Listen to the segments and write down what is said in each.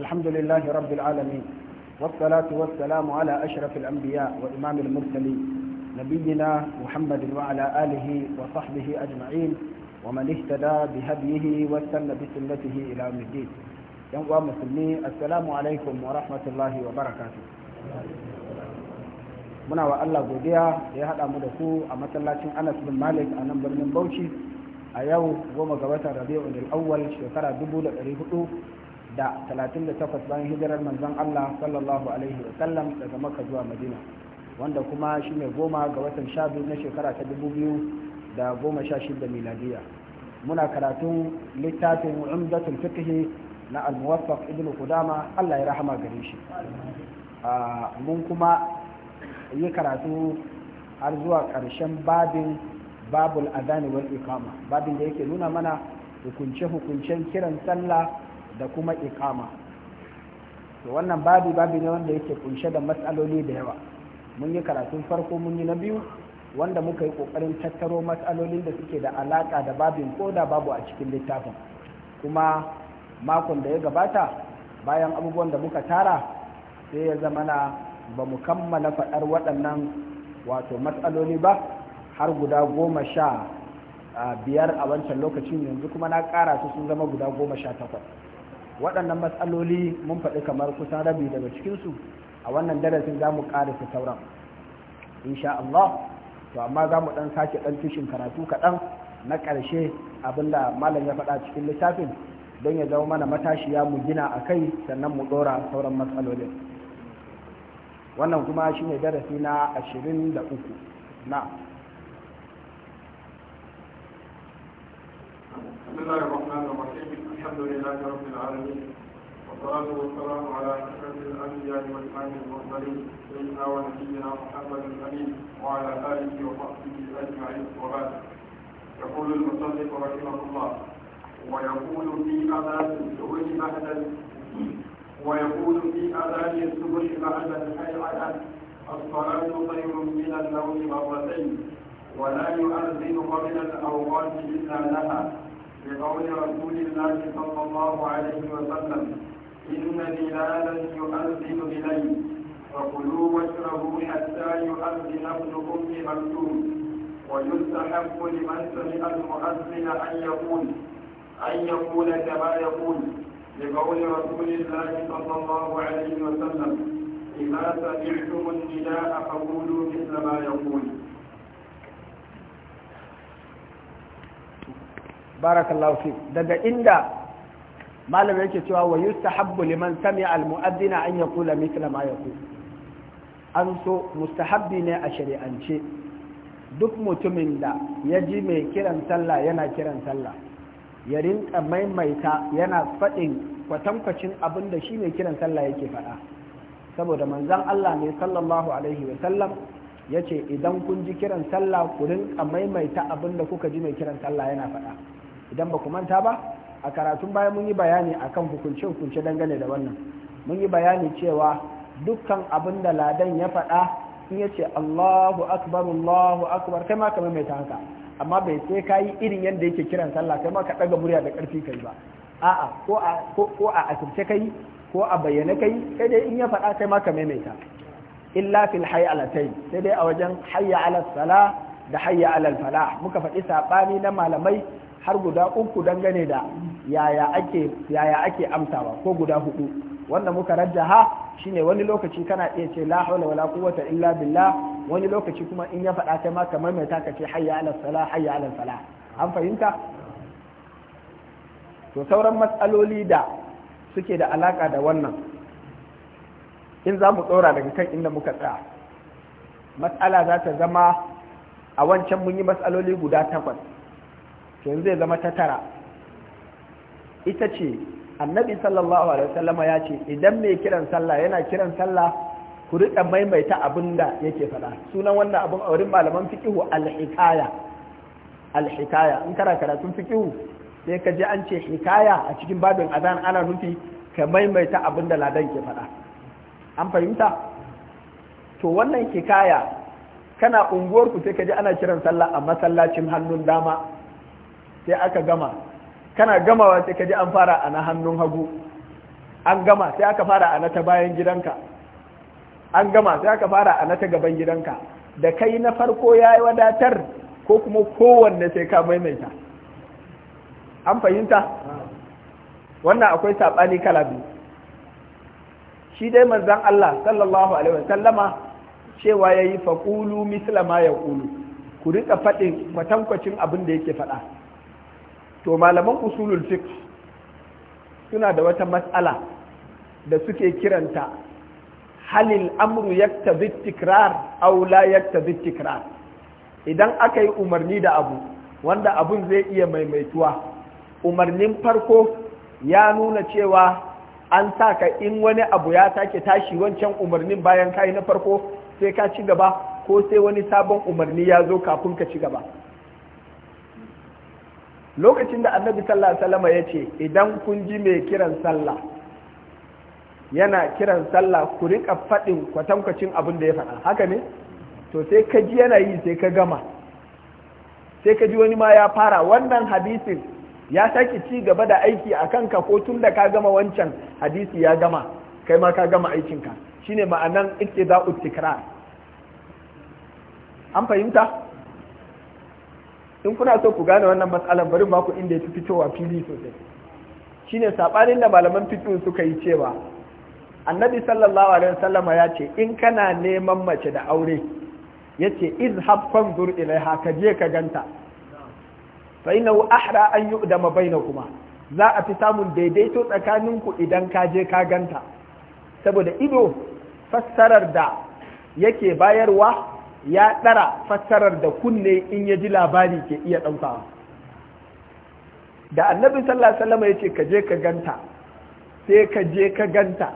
الحمد لله رب العالمين والصلاة والسلام على أشرف الأنبياء وإمام المرسلين نبينا محمد وعلى آله وصحبه أجمعين ومن اهتدى بهديه واستنى بسنته إلى يوم الدين ينقوى مسلمين السلام عليكم ورحمة الله وبركاته muna wa Allah godiya da ya haɗa mu da ku a masallacin Anas bin Malik a nan birnin Bauchi a yau goma ga watan Rabi'ul Awwal shekara 1400 da 38 bayan hijirar manzon Allah sallallahu alaihi wa sallam daga Makka zuwa Madina wanda kuma shine goma ga watan sha biyu na shekara ta dubu biyu da goma sha shida miladiya muna karatun littafin umdatul fiqh na al-muwaffaq ibn qudama Allah ya rahama gare shi mun kuma yi karatu har zuwa karshen babin babul adani wal iqama babin da yake nuna mana hukunce hukuncen kiran sallah da kuma ikama to wannan babi babi ne wanda yake kunshe da matsaloli da yawa mun yi karatun farko mun yi na biyu wanda muka yi kokarin tattaro matsalolin da suke da alaka da babin ko da babu a cikin littafin kuma makon da ya gabata bayan abubuwan da muka tara sai ya zama na ba mu kammala faɗar waɗannan wato matsaloli ba har guda goma sha ah, biyar a wancan lokacin yanzu kuma na ƙara su sun zama guda goma sha takwas waɗannan matsaloli mun faɗi kamar kusan rabi daga cikinsu a wannan darasin za mu ƙarisa sauran insha Allah to amma za mu ɗan sake ɗan tushin karatu kaɗan na ƙarshe abinda malam ya faɗa cikin littafin don ya zama mana matashiya mu gina a kai sannan mu ɗora sauran matsalolin wannan kuma shine darasi na ashirin da uku na الحمد لله رب العالمين والصلاة والسلام على أشرف الأنبياء والإمام المرسلين سيدنا ونبينا محمد الأمين وعلى آله وصحبه أجمعين وبعد يقول المصنف رحمه الله ويقول في أذان الزهر بعد ويقول في أذان السبل بعد الحيعة الصلاة خير من النوم مرتين ولا يؤذن قبل الأوقات إلا لها لقول رسول الله صلى الله عليه وسلم إن بلالا يؤذن إلي فكلوا واشربوا حتى يؤذن ابن أم مكتوم ويستحب لمن سمع المؤذن أن يقول أن يقول كما يقول لقول رسول الله صلى الله عليه وسلم إذا سمعتم النداء فقولوا مثل ما يقول barakallahu fi daga inda malam yake cewa wa yustahabbu liman sami'a al-mu'adhdhina an yaqula mithla ma yaqul an so mustahabbi ne a shari'ance duk mutumin da ya ji mai kiran sallah yana kiran sallah ya rinka maimaita yana faɗin kwatankwacin abin da shi mai kiran sallah yake faɗa saboda manzan Allah ne sallallahu alaihi wa sallam ya ce idan kun ji kiran sallah ku rinka maimaita abin da kuka ji mai kiran sallah yana faɗa idan ba ku manta ba a karatun baya mun yi bayani akan hukunce hukunce dangane da wannan mun yi bayani cewa dukkan abin da ladan ya faɗa in ya ce Allahu akbar Allahu akbar kai ma ka maimaita haka amma bai sai ka yi irin yadda yake kiran sallah kai ma ka ɗaga murya da ƙarfi kai ba a'a ko a ko a asirce kai ko a bayyana kai kai dai in ya faɗa kai ma ka maimaita illa fil hayya ala sai dai a wajen hayya ala sala da hayya ala fala, muka faɗi saɓani na malamai har guda uku dangane da yaya ake yaya ake amsawa ko guda hudu wanda muka rajjaha shine wani lokaci kana iya ce la haula wala quwwata illa billah wani lokaci kuma in ya faɗa kai ma kamar mai taka ce hayya ala salah hayya ala salah an fahimta to sauran matsaloli da suke da alaka da wannan in za mu ɗora daga kan inda muka tsaya matsala za ta zama a wancan mun yi matsaloli guda takwas to yanzu zai zama ta tara ita ce annabi sallallahu alaihi wasallama ya ce idan mai kiran sallah yana kiran sallah ku riƙa maimaita abin da yake faɗa sunan wannan abin a malaman fiqihu al-hikaya al-hikaya in kana karatun fiqihu sai ka ji an ce hikaya a cikin babin azan ana nufi ka maimaita abin da ladan ke faɗa an fahimta to wannan hikaya kana unguwarku sai ka ji ana kiran sallah a masallacin hannun dama sai aka gama kana gamawa sai ka ji an fara a na hannun hagu an gama sai aka fara a na ta bayan gidanka an gama sai aka fara a na ta gaban gidanka da kai na farko ya yi wadatar ko kuma kowanne sai ka maimaita an fahimta wannan akwai saɓani kala biyu shi dai manzan Allah sallallahu alaihi wasallama cewa ya yi faƙulu misla ma ya ƙulu ku rika faɗin kwatankwacin abin da yake faɗa to malaman usulul fiqh suna da wata matsala da suke kiranta halil amru yaktabi tikrar aw la yaktabi tikrar idan aka yi umarni da abu wanda abun zai iya maimaituwa umarnin farko ya nuna cewa an sa ka in wani abu ya take tashi wancan umarnin bayan kayi na farko sai ka ci gaba ko sai wani sabon umarni ya zo kafin ka ci gaba lokacin da annabi sallallahu alaihi wasallam ya ce idan kun ji mai kiran sallah yana kiran sallah ku rika faɗin kwatankwacin abin da ya faɗa haka ne to sai ka ji yana yi sai ka gama sai ka ji wani ma ya fara wannan hadisin ya saki ci gaba da aiki a kanka ko tun da ka gama wancan hadisi ya gama kai ma ka gama aikinka shine ma'anan za'u tikrar an fahimta in kuna so ku gane wannan matsalar bari ba ku inda ya fi fitowa fili sosai shine saɓanin da malaman fiqh suka yi cewa annabi sallallahu alaihi wasallam ya ce in kana neman mace da aure yace izhab fanzur ilaiha ka je ka ganta fa innahu ahra an yu'dama kuma. za a fi samun daidaito tsakaninku idan ka je ka ganta saboda ido fassarar da yake bayarwa ya ɗara fassarar da kunne in ya ji labari ke iya ɗaukawa da annabi sallallahu alaihi ya ce ka je ka ganta sai ka je ka ganta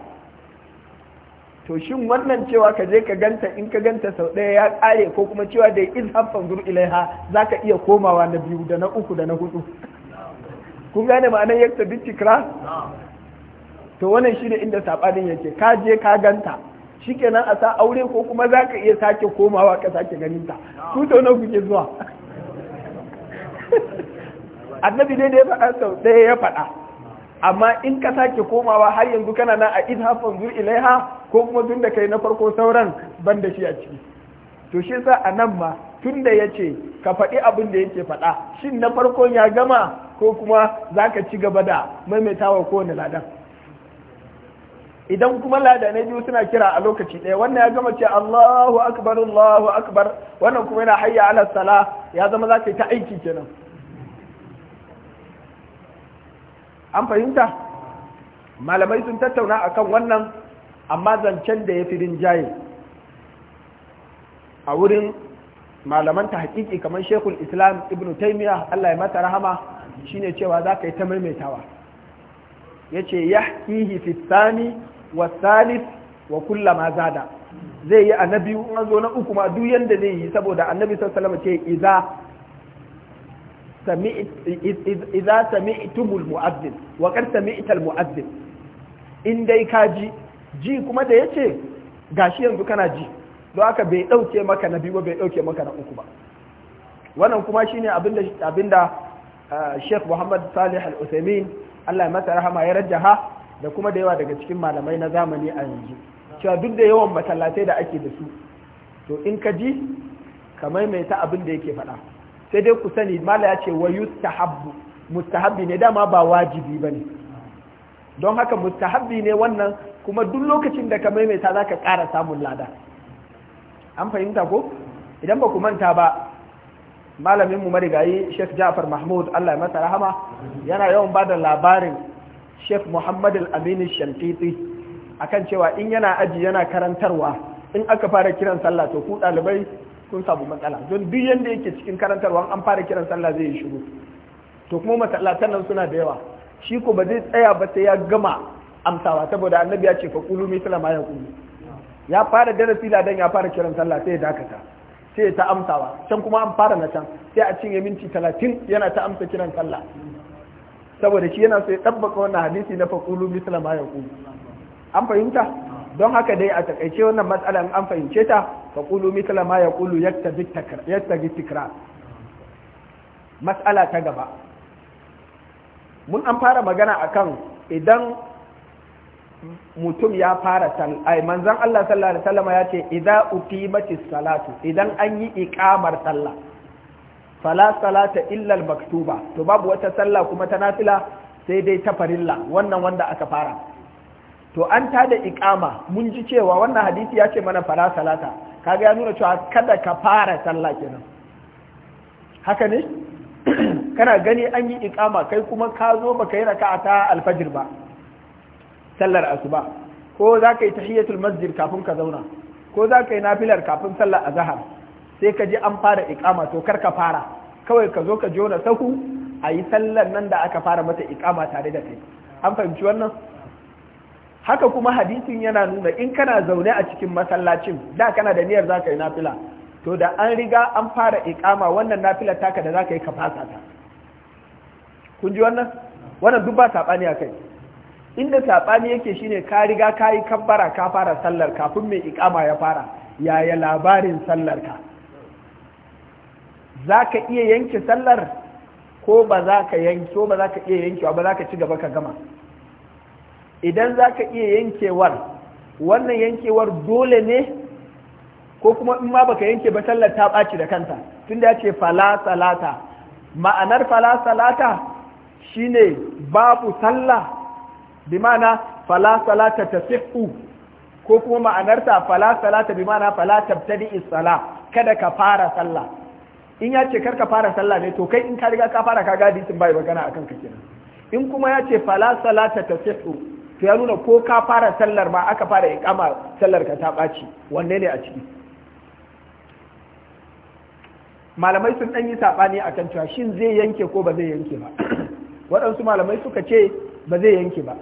to shin wannan cewa ka je ka ganta in ka ganta sau ɗaya ya ƙare ko kuma cewa da izhab zuru ilaiha ka iya komawa na biyu da na uku da na hudu kun gane ma'anar yakta kira? to wannan shine inda saɓanin yake ka je ka ganta shikenan a sa aure ko kuma za ka iya sake komawa ka sake ganin ta ku to kuke zuwa annabi ne da ya faɗa sau ɗaya ya faɗa amma in ka sake komawa har yanzu kana na a idhafan zur ilaiha ko kuma tun da kai na farko sauran ban da shi a ciki to shi sa a nan ma tun da ya ce ka faɗi abin da yake faɗa shin na farkon ya gama ko kuma za ka ci gaba da maimaitawa kowane ladan idan kuma ladanai biyu suna kira a lokaci ɗaya wannan ya gama ce Allahu akbar Allahu akbar wannan kuma yana hayya ala sala ya zama za ka yi ta aiki kenan an fahimta malamai sun tattauna akan wannan amma zancen da ya fi rinjaye a wurin malaman ta hakiki kamar shekul islam ibn taimiyya Allah ya mata rahama shine cewa za ka yi ta maimaitawa ya ce ya fi sani wa salis wa kulla ma zada zai yi annabi in an zo na uku ma duk yanda zai yi saboda annabi sallallahu alaihi wasallam ce idza sami idza sami'tumul mu'adhdhin wa qad sami'tal mu'adhdhin in dai ka ji ji kuma da yace gashi yanzu kana ji don haka bai dauke maka na biyu ba bai dauke maka na uku ba wannan kuma shine abinda abinda Sheikh Muhammad Salih Al-Uthaymeen Allah ya masa rahama ya rajjaha da kuma da yawa daga cikin malamai na zamani a yanzu cewa duk da yawan masallatai da ake da su to in ka ji ka maimaita abin da yake faɗa sai dai ku sani mala ya ce wa yustahabbu mustahabbi ne dama ba wajibi bane don haka mustahabbi ne wannan kuma duk lokacin da ka maimaita za ka ƙara samun lada an fahimta ko idan ba ku manta ba malamin mu marigayi Sheikh Ja'far Mahmud Allah ya masa rahama yana yawan bada labarin Sheikh Muhammad Al-Amin Shantiti akan cewa in yana aji yana karantarwa in aka fara kiran sallah to ku ɗalibai kun samu matsala don duk yanda yake cikin karantarwa an fara kiran sallah zai yi shiru to kuma masallatan nan suna da yawa shi ko ba zai tsaya ba sai ya gama amsawa saboda annabi ya ce fa qulu mithla ma yaqulu ya fara darasi da dan ya fara kiran sallah sai ya dakata sai ta amsawa can kuma an fara na can sai a cinye minti talatin yana ta amsa kiran sallah saboda shi yana so ya tabbaka wannan hadisi na faƙulu misla ma an fahimta don haka dai a takaice wannan matsala in an fahimce ta faƙulu misla ma ya yaktabi yadda bi tikrar matsala ta gaba mun an fara magana akan idan mutum ya fara sallah manzon Allah sallallahu alaihi wasallam ya ce idza uqimatis salatu idan an yi iqamar sallah fala salata illal maktuba to babu wata sallah kuma ta nafila sai dai ta farilla wannan wanda aka fara to an da iqama mun ji cewa wannan hadisi ya ce mana fala salata kaga ya nuna cewa kada ka fara sallah kenan haka ne kana gani an yi iqama kai kuma ka zo baka yi raka'a ta alfajir ba sallar asuba ko za ka yi tahiyatul masjid kafin ka zauna ko za ka yi nafilar kafin sallar azhar sai ka ji an fara iqama to kar ka fara kawai ka zo ka jona sahu a yi sallar nan da aka fara mata ikama tare da kai an fahimci wannan haka kuma hadisin yana nuna in kana zaune a cikin masallacin da kana da niyyar za ka yi nafila to da an riga an fara ikama wannan nafilar taka da za ka yi ka fasa ta kun ji wannan wannan duk ba saɓani a kai inda saɓani yake shine ka riga ka yi kabbara ka fara sallar kafin mai ikama ya fara yaya labarin sallar ka za ka iya yanke sallar ko ba za ka yanke ba za ka iya yankewa ba za ka ci gaba ka gama idan za ka iya yankewar wannan yankewar dole ne ko kuma in ma baka yanke ba sallar ta ɓaci da kanta tunda ya ce fala salata ma'anar fala salata shine babu salla, bi ma'ana fala salata ta ko kuma ma'anarta fala salata bi ma'ana fala tabtadi is kada ka fara sallah in ya ce karka fara sallah ne to kai in ka riga ka fara ka gadi sun bai magana akan ka kenan in kuma ya ce fala salata tasihu to ya nuna ko ka fara sallar ma aka fara iqama sallar ka ta baci wanne ne a ciki malamai sun dan yi sabani akan cewa shin zai yanke ko ba zai yanke ba waɗansu malamai suka ce ba zai yanke ba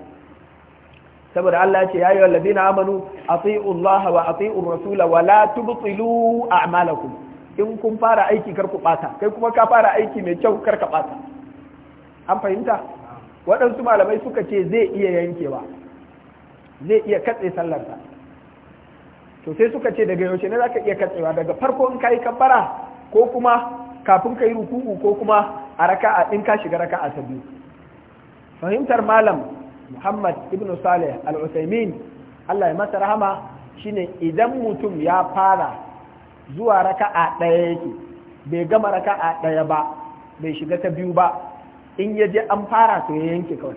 saboda Allah ya ce ya ayyuhallazina amanu atiiu Allah wa atiiu ar-rasula wa la tubtilu a'malakum in kun fara aiki kar ku bata kai kuma ka fara aiki mai kyau kar ka bata an fahimta waɗansu malamai suka ce zai iya yankewa zai iya katse sallarsa to sai suka ce daga yaushe ne zaka iya katsewa daga farko in kai kabbara ko kuma kafin ka yi ruku'u ko kuma a raka'a in ka shiga raka'a ta biyu fahimtar malam Muhammad ibn Saleh al usaimin Allah ya masa rahama shine idan mutum ya fara zuwa raka'a ɗaya yake bai gama raka'a ɗaya ba bai shiga ta biyu ba in ya je an fara to ya yanke kawai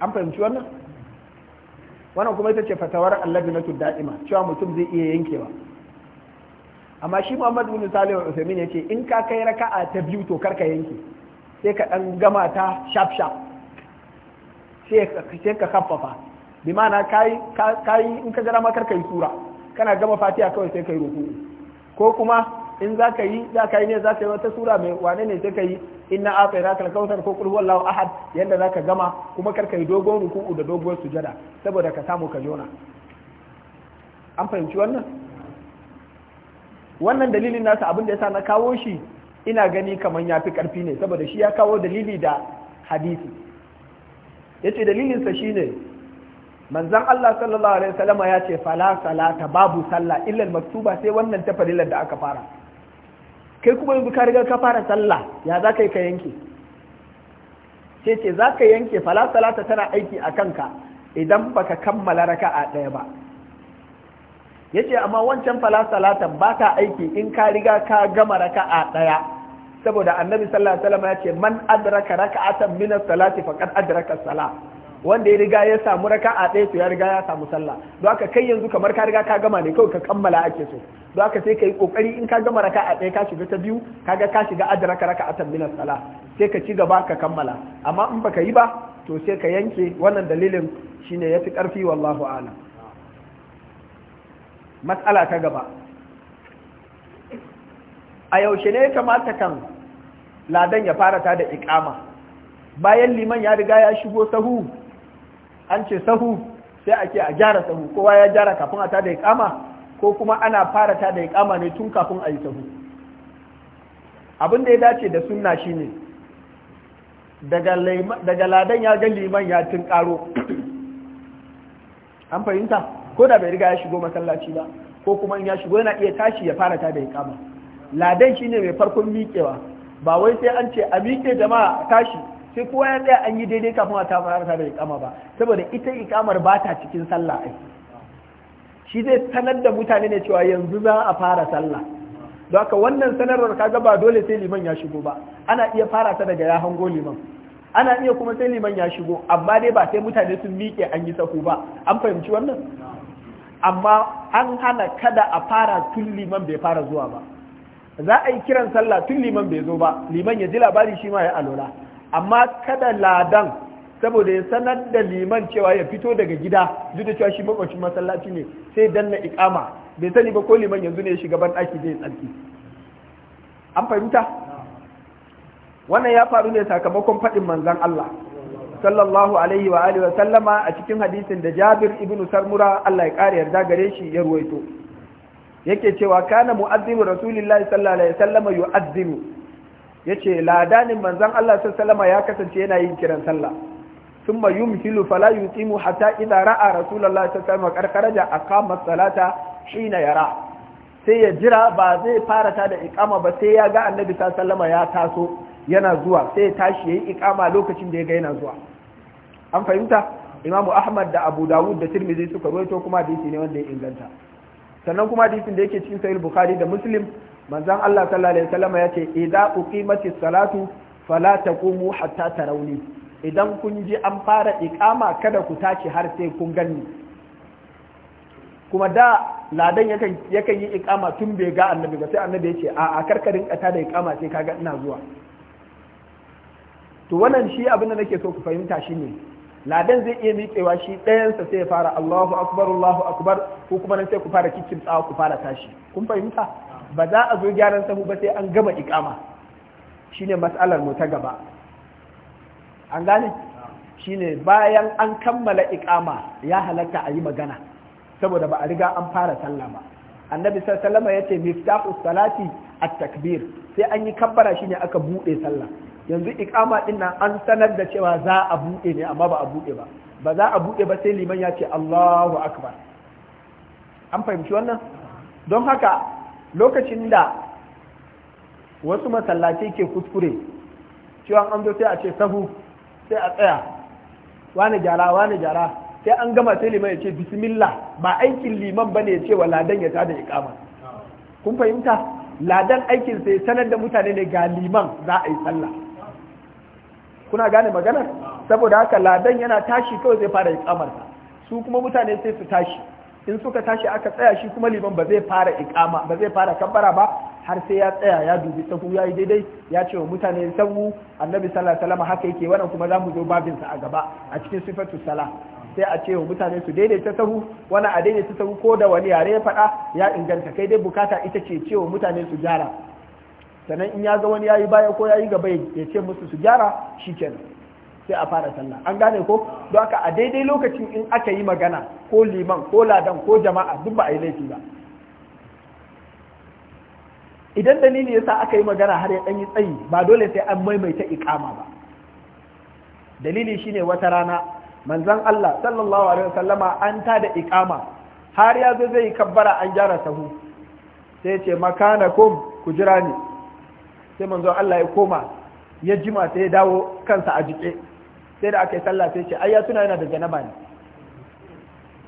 an fahimci wannan wannan kuma ita ce fatawar allabi na da'ima cewa mutum zai iya yankewa amma shi muhammadu bin salihu usaimin ya ce in ka kai raka'a ta biyu to karka yanke sai ka ɗan gama ta shaf shaf sai ka kaffafa bi ma'ana kayi in ka gara ma karka yi sura kana gama fatiha kawai sai kai ruku ko kuma in za ka yi za ka yi ne za ka yi wata sura mai wane ne sai ka yi inna aka ira kal kautar ko kul huwallahu ahad yanda za ka gama kuma kar ka yi dogon ruku'u da dogon sujada saboda ka samu ka jona an fahimci wannan wannan dalilin nasa abin da yasa na kawo shi ina gani kaman ya fi karfi ne saboda shi ya kawo dalili da hadisi yace dalilinsa shine manzon Allah sallallahu alaihi wasallama ya ce fala salata babu sallah illa maktuba sai wannan ta farilar da aka fara kai kuma yanzu ka riga ka fara sallah ya za yi ka yanke sai ce za ka yanke fala salata tana aiki a kanka idan baka kammala raka'a ɗaya ba ya ce amma wancan fala salatan ba ta aiki in ka riga ka gama raka'a ɗaya saboda annabi sallallahu alaihi wasallam ya ce man adraka raka'atan min as-salati faqad adraka as-salah wanda ya riga ya samu raka a ɗaya to ya riga ya samu sallah don haka kai yanzu kamar ka riga ka gama ne kawai ka kammala ake so don haka sai ka yi kokari in ka gama raka a ɗaya ka shiga ta biyu kaga ka shiga adraka raka raka a tambina sala sai ka ci gaba ka kammala amma in baka yi ba to sai ka yanke wannan dalilin shine fi ƙarfi wallahu a'lam matsala ta gaba a yaushe ne ya kamata kan ladan ya fara ta da ikama bayan liman ya riga ya shigo sahu an ce sahu sai ake a gyara sahu kowa ya gyara kafin a ta da ikama ko kuma ana fara ta da ikama ne tun kafin a yi sahu abin da ya dace da sunna shine daga ladan ya ga liman ya tun karo an fahimta ko da bai riga ya shigo masallaci ba ko kuma in ya shigo yana iya tashi ya fara ta da ikama ladan shine mai farkon miƙewa ba wai sai an ce a miƙe jama'a tashi sai kowa ya tsaya an yi daidai kafin a tafi harsa da ikama ba saboda ita ikamar ba ta cikin sallah ai shi zai sanar da mutane ne cewa yanzu za a fara sallah don haka wannan sanarwar kaga ba dole sai liman ya shigo ba ana iya fara ta daga ya hango liman ana iya kuma sai liman ya shigo amma dai ba sai mutane sun miƙe an yi sahu ba an fahimci wannan amma an hana kada a fara tun liman bai fara zuwa ba za a yi kiran sallah tun liman bai zo ba liman ya ji labari shi ma ya alola amma kada ladan saboda ya sanar da liman cewa ya fito daga gida duk da cewa shi makwacin masallaci ne sai dan na ikama bai sani ba ko liman yanzu ne ya shiga ban daki zai tsarki an fahimta wannan ya faru ne sakamakon faɗin manzon Allah sallallahu alaihi wa alihi wa sallama a cikin hadisin da Jabir ibn Sarmura Allah ya kare yarda gare shi ya ruwaito yake cewa kana mu'azzinu rasulillahi sallallahu alaihi wa sallama yu'azzinu ya yace ladanin manzon Allah sallama ya kasance yana yin kiran sallah yun filu fala tsimu hata ina ra'a rasulullahi sallama karkara wasallam aqama salata na yara sai ya jira ba zai fara ta da ikama ba sai ya ga annabi sallama ya taso yana zuwa sai ya tashi ya yi ikama lokacin da ya ga yana zuwa an fahimta imamu ahmad da abu dawud da tirmidhi suka ruwaito kuma hadisi ne wanda ya inganta sannan kuma hadisin da yake cikin sahih bukhari da muslim manzon Allah sallallahu alaihi wasallam ya ce idza uqimatis salatu fala taqumu hatta tarawni idan kun ji an fara iqama kada ku tashi har sai kun gani kuma da ladan yakan yakan yi iqama tun bai ga annabi ba sai annabi ya ce a a karkarin kata da iqama sai kaga ina zuwa to wannan shi abin da nake so ku fahimta shine ladan zai iya miƙewa shi ɗayansa sai ya fara Allahu akbar Allahu akbar ko kuma nan sai ku fara kikin tsawa ku fara tashi kun fahimta ba za a zo gyaran sahu ba sai an gama iqama shine mas'alar mu ta gaba an gane shine bayan an kammala iqama ya halatta a yi magana saboda ba a riga an fara sallah ba annabi sallallahu alaihi wasallam yace miftahu salati at-takbir sai an yi kabbara shine aka bude sallah yanzu ikama din nan an sanar da cewa za a buɗe ne amma ba a buɗe ba ba za a buɗe ba sai liman ya ce Allahu akbar an fahimci wannan don haka lokacin da wasu masallaci ke kuskure cewa an zo sai a ce sahu sai a tsaya wani jara wani jara sai an gama sai liman ya ce bismillah ba aikin liman bane ya ce wa ladan ya tada ikama kun fahimta ladan aikin sai sanar da mutane ne ga liman za a yi sallah kuna gane maganar saboda haka ladan yana tashi kawai zai fara ikamarsa su kuma mutane sai su tashi in suka tashi aka tsaya shi kuma liman ba zai fara ikama ba zai fara kabbara ba har sai ya tsaya ya dubi sahu ya yi daidai ya ce wa mutane sahu annabi sallallahu alaihi wasallam haka yake wannan kuma zamu zo babin sa a gaba a cikin sifatu sala sai a ce wa mutane su daidaita sahu wani a daidaita sahu ko da wani yare ya faɗa ya inganta kai dai bukata ita ce cewa mutane su gyara sannan in ya ga wani yayi baya ko yayi gaba ya ce musu su gyara shikenan sai a fara sallah an gane ko don haka a daidai lokacin in aka yi magana ko liman ko ladan ko jama'a duk ba a yi laifi ba idan dalili yasa aka yi magana har ya yi tsayi ba dole sai an maimaita ikama ba dalili shine wata rana manzon Allah sallallahu alaihi wasallama an ta da ikama har ya zo zai kabbara an gyara sahu sai ce makanakum ku jira ni sai manzo Allah ya koma ya jima sai ya dawo kansa a jike sai da aka yi sallah sai ce ai ya tuna yana da janaba ne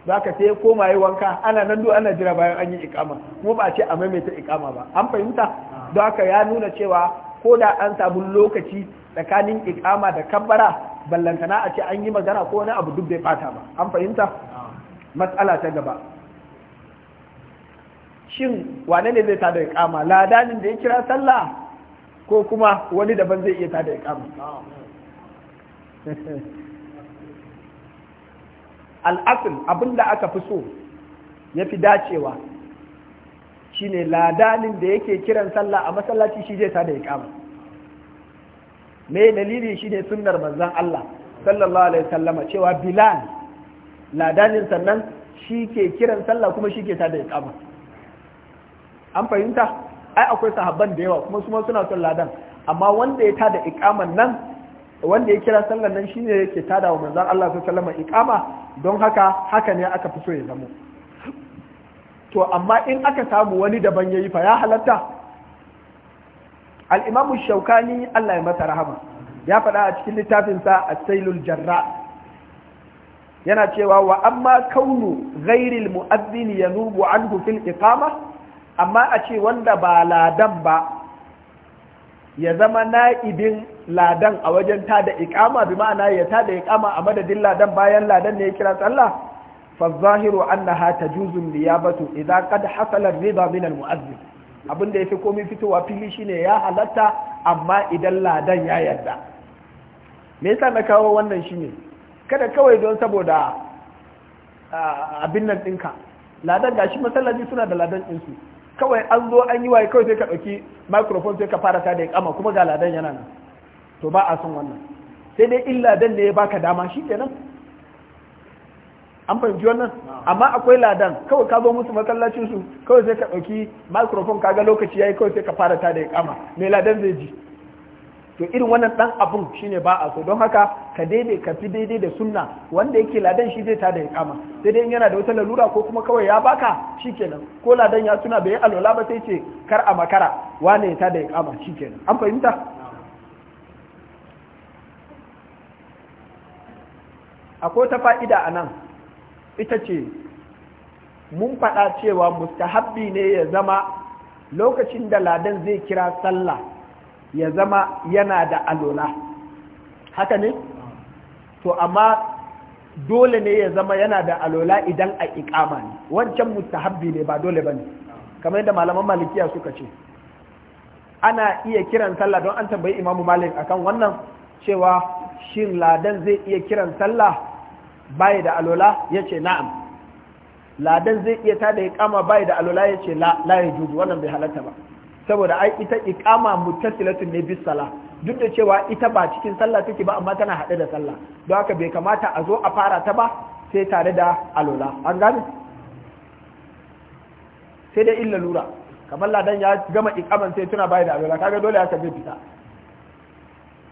za ka sai ya koma ya wanka ana nan duk ana jira bayan an yi ikama kuma ba a ce a maimaita ikama ba an fahimta don haka ya nuna cewa ko da an samu lokaci tsakanin ikama da kabbara ballantana a ce an yi magana ko wani abu duk bai bata ba an fahimta matsala ta gaba shin wane ne zai tada ikama ladanin da ya kira sallah ko kuma wani daban zai iya tada iqama al'asin abin da aka fi so ya fi dacewa shine ladanin da yake kiran sallah a masallaci shi zai tada ikama mai dalili shine sunnar manzon Allah sallallahu alaihi wasallama cewa bilal ladanin sannan shi ke kiran sallah kuma shi ke tada ikama an fahimta ai akwai sahabban da yawa kuma su ma suna son ladan amma wanda ya tada iqaman nan wanda ya kira sallan nan shine yake tada wa manzon Allah sallallahu alaihi wasallam ikama don haka haka ne aka fi so ya zamo to amma in aka samu wani daban yayi fa ya halatta al-imamu shaukani Allah ya masa rahama ya faɗa a cikin littafinsa as-sailul jarra yana cewa wa amma kaunu ghairil mu'adhdhin yanubu anhu fil iqama amma a ce wanda ba ladan ba ya zama na'ibin ladan a wajen da ikama bi ma'ana ya tada ikama a madadin ladan bayan ladan ne ya kira sallah fa zahiru annaha tajuzu liyabatu idza qad hasala riba min al-mu'azzin abinda yafi komai fitowa fili shine ya halatta amma idan ladan ya yarda me yasa na kawo wannan shine kada kawai don saboda ah, abin nan dinka ladan gashi masallaci suna da ladan ɗinsu kawai an zo an yi wa kawai sai ka ɗauki microphone sai ka fara ta da kama kuma ga ladan yana nan to ba a son wannan sai dai illa dan ne ya baka dama shi kenan an fahimci wannan amma akwai ladan kawai ka zo musu masallacin su kawai sai ka ɗauki microphone kaga lokaci yayi kawai sai ka fara ta da kama me ladan zai ji to irin wannan dan abun shine ba a so don haka ka daidai ka fi daidai da sunna wanda yake ladan shi zai tada kama sai dai yana da wata lalura ko kuma kawai ya baka shikenan ko ladan ya tuna bai alwala ba sai ce kar a makara wane ya tada kama shikenan an fahimta akwai ta fa'ida a nan ita ce mun faɗa cewa mustahabbi ne ya zama lokacin da ladan zai kira sallah ya zama yana da alola haka ne to amma dole ne ya zama yana da alola idan a ikama ne wancan mutahabbi ne ba dole ba ne kamar yadda malaman malikiya suka ce ana iya kiran sallah don an tambayi imamu malik akan wannan cewa shin ladan zai iya kiran sallah bayi da alola ya ce na'am ladan zai iya tada ya kama bayi da alola ya ce la ya juju wannan bai halatta ba saboda ai ita iqama muttasilatun ne bis sala duk da cewa ita ba cikin sallah take ba amma tana hade da sallah don haka bai kamata a zo a fara ta ba sai tare da alola an gane sai da illa lura kamar ladan ya gama ikaman sai tuna bai da alola kaga dole ya tafi fita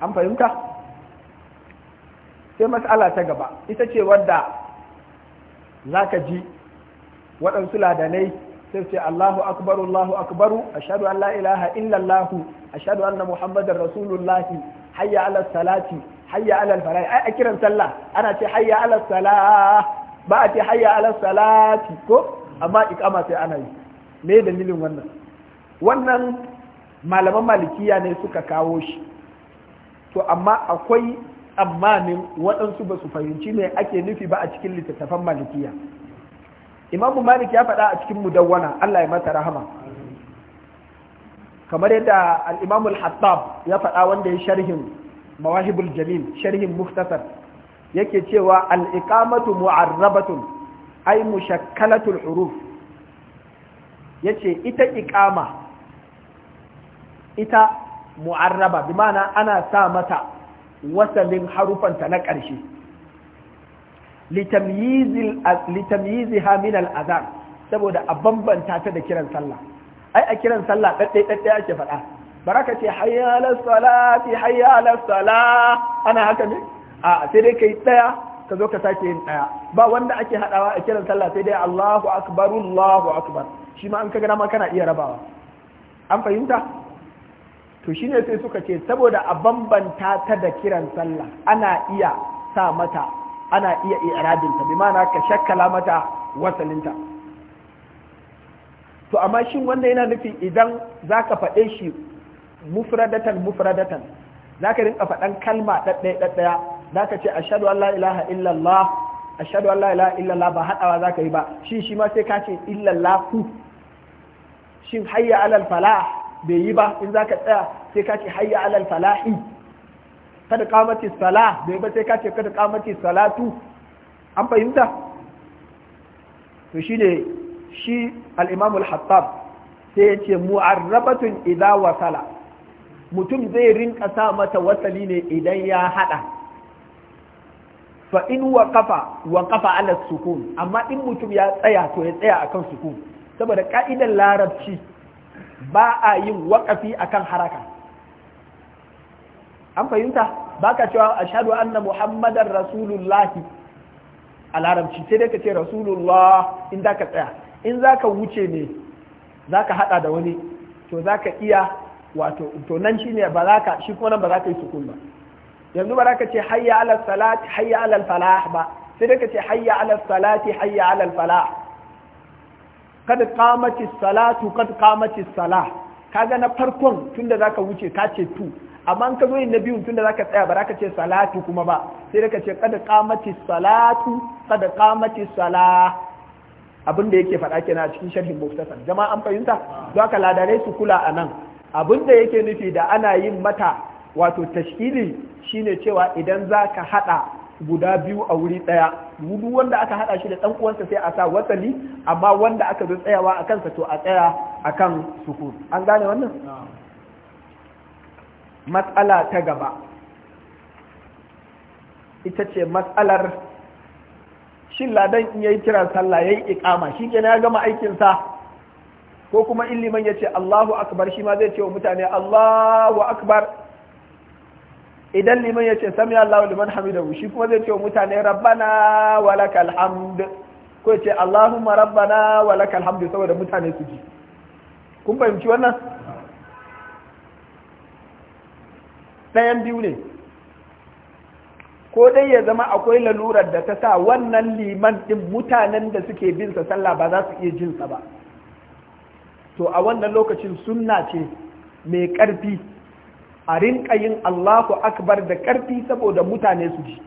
an fahimta sai mas'ala ta gaba ita ce wadda zaka ji waɗansu ladanai sai ce Allahu akbar Allahu akbar ashhadu an la ilaha illallah ashhadu anna muhammadar rasulullahi hayya ala salati hayya ala al ai a kiran sallah ana ce hayya ala salah ba a ce hayya ala salati ko amma iqama sai ana yi me dalilin wannan wannan malaman malikiya ne suka kawo shi to amma akwai tsammanin waɗansu ba su fahimci me ake nufi ba a cikin littattafan malikiya imamu malik ya faɗa a cikin mudawwana Allah ya mata rahama kamar yadda al-imamul hattab ya faɗa wanda ya sharhin mawahibul jamil sharhin muhtasar yake cewa al-iqamatu mu'arrabatun ay mushakkalatul huruf yace ita iqama ita mu'arraba bi ma'ana ana sa mata wasalin harufanta na ƙarshe litamyiziha min al'azan saboda a bambanta ta da kiran sallah ai a kiran sallah ɗaɗɗai ɗaɗɗai ake faɗa baraka ce hayya ala hayya ala ana haka ne a sai dai kai ɗaya ka zo ka sake yin ɗaya ba wanda ake haɗawa a kiran sallah sai dai Allahu akbar Allahu akbar shi ma an kaga ma kana iya rabawa an fahimta to shine sai suka ce saboda a bambanta ta da kiran sallah ana iya sa mata ana iya i'rabinta bi mana ka shakkala mata wasalinta to amma shin wanda yana nufin idan za ka faɗe shi mufradatan mufradatan zaka rinka faɗan kalma ɗaɗɗaya ɗaɗɗaya zaka ce ashhadu an la ilaha illallah ashhadu an la ilaha illallah ba haɗawa za ka yi ba shi shi ma sai ka ce illallah ku shin hayya alal falah bai yi ba in za ka tsaya sai ka ce hayya alal falahi kada kamati sala bai ba sai ka ce kada kamati salatu an fahimta to shi ne shi al-imam al-hattab sai ya ce mu'arrabatun wasala mutum zai rinka sa mata wasali ne idan ya hada fa in waqafa waqafa ala sukun amma in mutum ya tsaya to ya tsaya akan sukun saboda ka'idan larabci ba a yin waƙafi akan haraka an fahimta ba ka cewa ashhadu anna muhammadar rasulullah a larabci sai dai ka ce rasulullah in ka tsaya in za ka wuce ne ka haɗa da wani to za ka iya wato to nan shi ne ba za ka shi kuma nan ba za ka yi sukun ba yanzu ba za ka ce hayya ala salat hayya ala falah ba sai dai ka ce hayya ala salati hayya ala falah kad qamati salatu kad qamati salah Ka ga na farkon tunda zaka wuce ka ce tu amma an ka zo yin na biyun tunda ka tsaya ba ka ce salatu kuma ba sai da ka ce kada kamati salatu kada kamati sala. abin da yake faɗa kenan a cikin sharhin muftasar jama'a an fahimta za ka ladare su kula a nan abin da yake nufi da ana yin mata wato tashkili shine cewa idan za ka haɗa guda biyu a wuri ɗaya duk wanda aka haɗa shi da ɗan uwansa sai a sa watsali amma wanda aka zo tsayawa a kansa to a tsaya a kan sukun an gane wannan matsala ta gaba ita ce matsalar shin ladan in yayi kiran sallah yayi iqama shi kenan ya gama aikin sa ko kuma in liman ya ce Allahu akbar shi ma zai ce wa mutane Allahu akbar idan liman ya ce sami Allah liman hamidahu shi kuma zai ce wa mutane rabbana wa lakal hamd ko ce Allahumma rabbana wa lakal hamd saboda mutane su ji kun fahimci wannan ɗayan biyu ne ko dai ya zama akwai lalurar da ta sa wannan liman ɗin mutanen da suke bin sa sallah ba za su iya jinsa ba to a wannan lokacin sunna ce mai ƙarfi a rinka yin Allahu akbar da ƙarfi saboda mutane su ji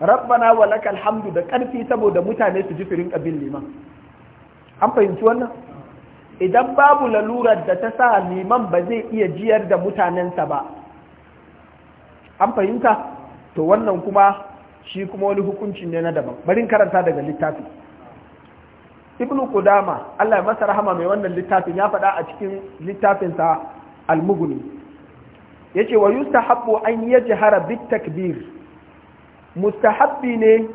rabbana wa lakal hamdu da ƙarfi saboda mutane su ji su rinka bin liman an fahimci wannan idan babu lalurar da ta sa liman ba zai iya jiyar da mutanensa ba an fahimta to wannan kuma shi kuma wani hukunci ne na daban barin karanta daga littafi ibnu kudama Allah ya masa rahama mai wannan littafin ya faɗa a cikin littafinsa al-mughni yace wa yustahabbu an yajhara bit takbir mustahabbi ne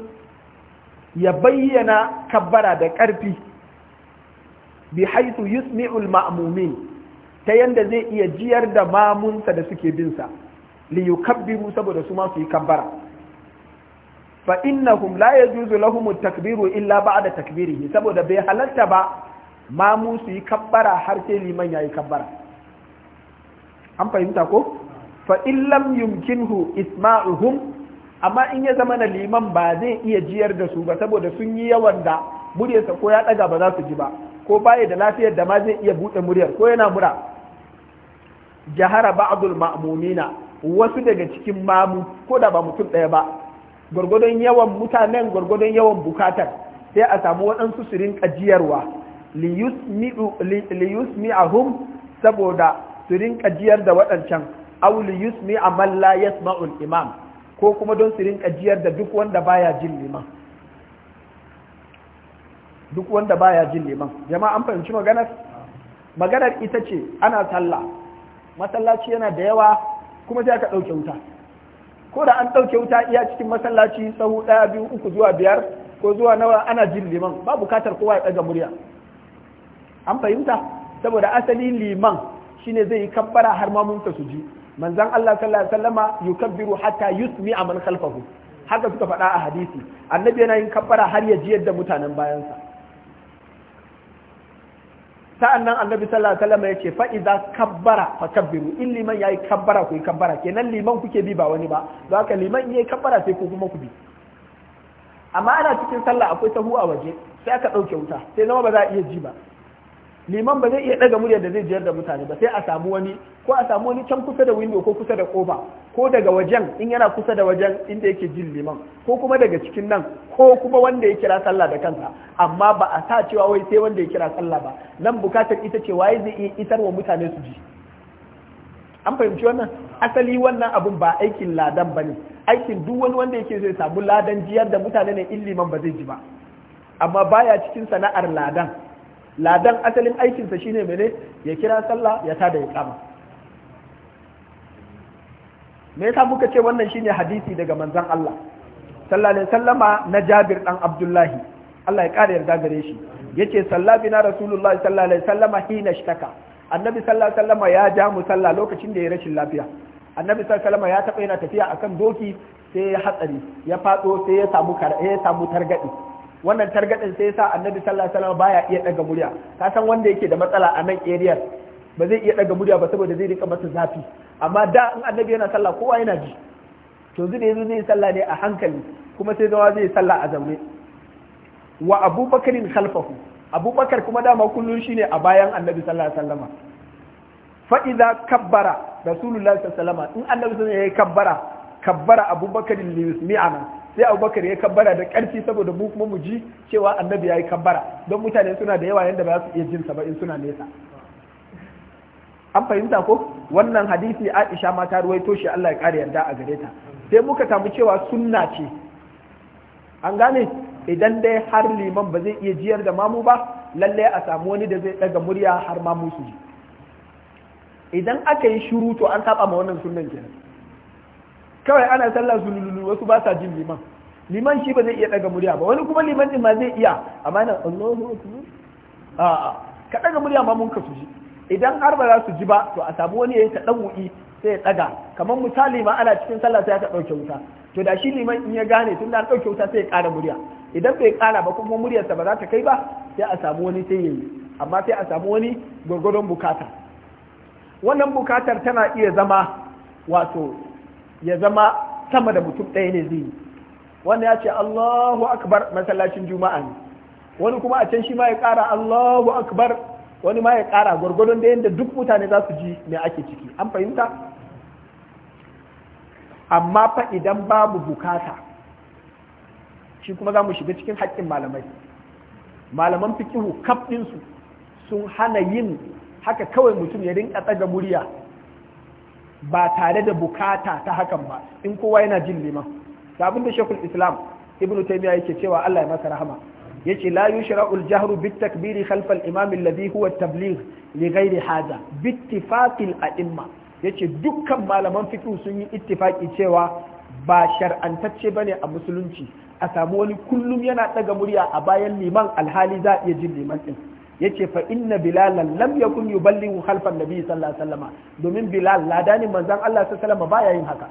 ya bayyana kabbara da ƙarfi bi haythu yusmi'u al-ma'mumin ta yanda zai iya jiyar da mamunsa da suke bin binsa li yukabbiru saboda su ma su yi kabbara fa innahum la yajuzu lahum at-takbiru illa ba'da takbirih saboda bai halarta ba mamu su yi kabbara har sai liman yayi kabbara an fahimta ko fa illam yumkinhu isma'uhum amma in ya zama na liman ba zai iya jiyar da su ba saboda sun yi yawan da muryarsa ko ya daga ba za su ji ba ko baya da lafiyar da ma zai iya buɗe muryar ko yana mura jahara ba'dul ma'mumina wasu daga cikin mamu ko da ba mutum ɗaya ba gwargwadon yawan mutanen gwargwadon yawan bukatar sai a samu waɗansu su rinka jiyarwa liyusmi'ahum saboda su rinka jiyar da waɗancan aw li yusmi'a la yasma'ul imam ko kuma don su rinka jiyar da duk wanda baya jin liman duk wanda baya jin liman jama'a an fahimci maganar maganar ita ce ana sallah masallaci yana da yawa kuma sai aka ɗauke wuta ko da an ɗauke wuta iya cikin masallaci sahu ɗaya biyu uku zuwa biyar ko zuwa nawa ana jin liman ba bukatar kowa ya ɗaga murya an fahimta saboda asali liman shine zai yi kabbara har ma mun su ji manzon Allah sallallahu alaihi wasallama yukabbiru hatta yusmi'a man khalfahu haka suka faɗa a hadisi annabi yana yin kabbara har ya jiyar da mutanen bayansa sa'annan annabi sallallahu alaihi wasallama yace fa idza kabbara fa kabbiru in liman yayi kabbara ku yi kabbara kenan liman kuke bi ba wani ba don haka liman yayi kabbara sai ku kuma ku bi amma ana cikin sallah akwai tahu a waje sai aka dauke wuta sai zama ba za a iya ji ba liman ba zai iya daga murya da zai jiyar da mutane ba sai a samu wani ko a samu wani can kusa da windo ko kusa da kofa ko daga wajen in yana kusa da wajen inda yake jin liman ko kuma daga cikin nan ko kuma wanda ya kira sallah da kansa amma ba a sa cewa wai sai wanda ya kira sallah ba nan bukatar ita ce waye zai iya isar wa mutane su ji an fahimci wannan asali wannan abun ba aikin ladan bane aikin duk wani wanda yake zai samu ladan jiyar da mutane ne in liman ba zai ji ba amma baya cikin sana'ar ladan ladan asalin aikinsa shine mene ya kira sallah ya tada ya kama me yasa muka ce wannan shine hadisi daga manzon Allah sallallahu alaihi sallama na Jabir dan Abdullahi Allah ya kare yarda gare shi yace sallabi na Rasulullahi sallallahu alaihi sallama hina shtaka annabi sallallahu alaihi sallama ya ja mu sallah lokacin da ya rashin lafiya annabi sallallahu alaihi sallama ya taba yana tafiya akan doki sai ya hatsari ya fado sai ya samu ya samu targadi wannan targaɗin sai yasa annabi sallallahu alaihi wasallam baya iya daga murya ka san wanda yake da matsala a nan area ba zai iya daga murya ba saboda zai rika masa zafi amma da in annabi yana sallah kowa yana ji to zai da yanzu zai sallah ne a hankali kuma sai zama zai sallah a zaune wa Bakarin khalfahu abubakar kuma dama kullum shine a bayan annabi sallallahu alaihi wasallam fa idza kabbara rasulullahi sallallahu alaihi wasallam in annabi sallallahu alaihi kabbara kabbara Bakarin li yusmi'ana sai abubakar ya kabbara da karfi saboda mu kuma mu ji cewa annabi ya yi kabbara don mutane suna da yawa yadda ba su iya sa ba in suna nesa an fahimta ko wannan hadisi aisha ma ta ruwaito shi Allah ya kare yarda a gare ta sai muka samu cewa sunna ce an gane idan dai har liman ba zai iya jiyar da mamu ba lallai a samu wani da zai daga murya har mamu su ji idan aka yi shuru to an saba ma wannan sunnan kenan kawai ana sallah zululu wasu ba sa jin liman liman shi ba zai iya daga murya ba wani kuma liman din ma zai iya amma yana Allahu akbar a ka daga murya ma mun ka su ji idan har ba za su ji ba to a samu wani ta tadawu'i sai ya daga kamar misali ma ana cikin sallah sai ta dauke wuta to da shi liman in ya gane tun da an dauke wuta sai ya kara murya idan bai kara ba kuma muryarsa ba za ta kai ba sai a samu wani sai yayi amma sai a samu wani gwargwadon bukata wannan bukatar tana iya zama wato ya zama sama da mutum ɗaya ne zai yi wanda ya ce Allahu akbar masallacin juma'a ne wani kuma a can shi ma ya ƙara Allahu akbar wani ma ya ƙara gwargwadon da yadda duk mutane za su ji me ake ciki an fahimta amma fa idan babu bukata shi kuma za mu shiga cikin haƙƙin malamai malaman fikihu kaf sun hana yin haka kawai mutum ya rinka tsaga murya ba tare da bukata ta hakan ba in kowa yana jin liman ga abin da shekul islam ibnu taymiya yake cewa Allah ya masa rahama yace la yushra'ul jahru bit takbiri khalf al imam alladhi huwa at tabligh li ghairi haja bittifaqil a'imma yace dukkan malaman fiqh sun yi ittifaki cewa ba shar'antacce bane a musulunci a samu wani kullum yana daga murya a bayan liman alhali za iya jin liman din yace fa inna bilal lam yakun yuballighu khalfa nabi sallallahu alaihi wasallam domin bilal ladani manzon Allah sallallahu alaihi wasallam baya yin haka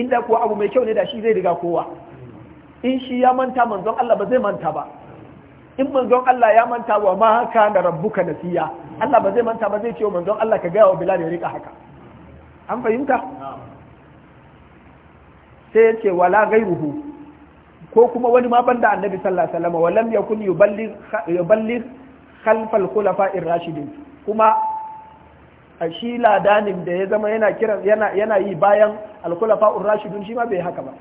inda kuwa abu mai kyau ne da shi zai riga kowa in shi ya manta manzon Allah ba zai manta ba in manzon Allah ya manta wa ma kana rabbuka nasiya Allah ba zai manta ba zai ce manzon Allah ka gaya wa bilal ya rika haka an fahimta sai yace wala gairuhu ko kuma wani ma banda annabi sallallahu alaihi wasallam walam yakun yuballigh yuballigh khalfal ar rashidin kuma a shi ladanin da ya zama yana kiran yana yana yi bayan al ar rashidun shi ma bai haka ba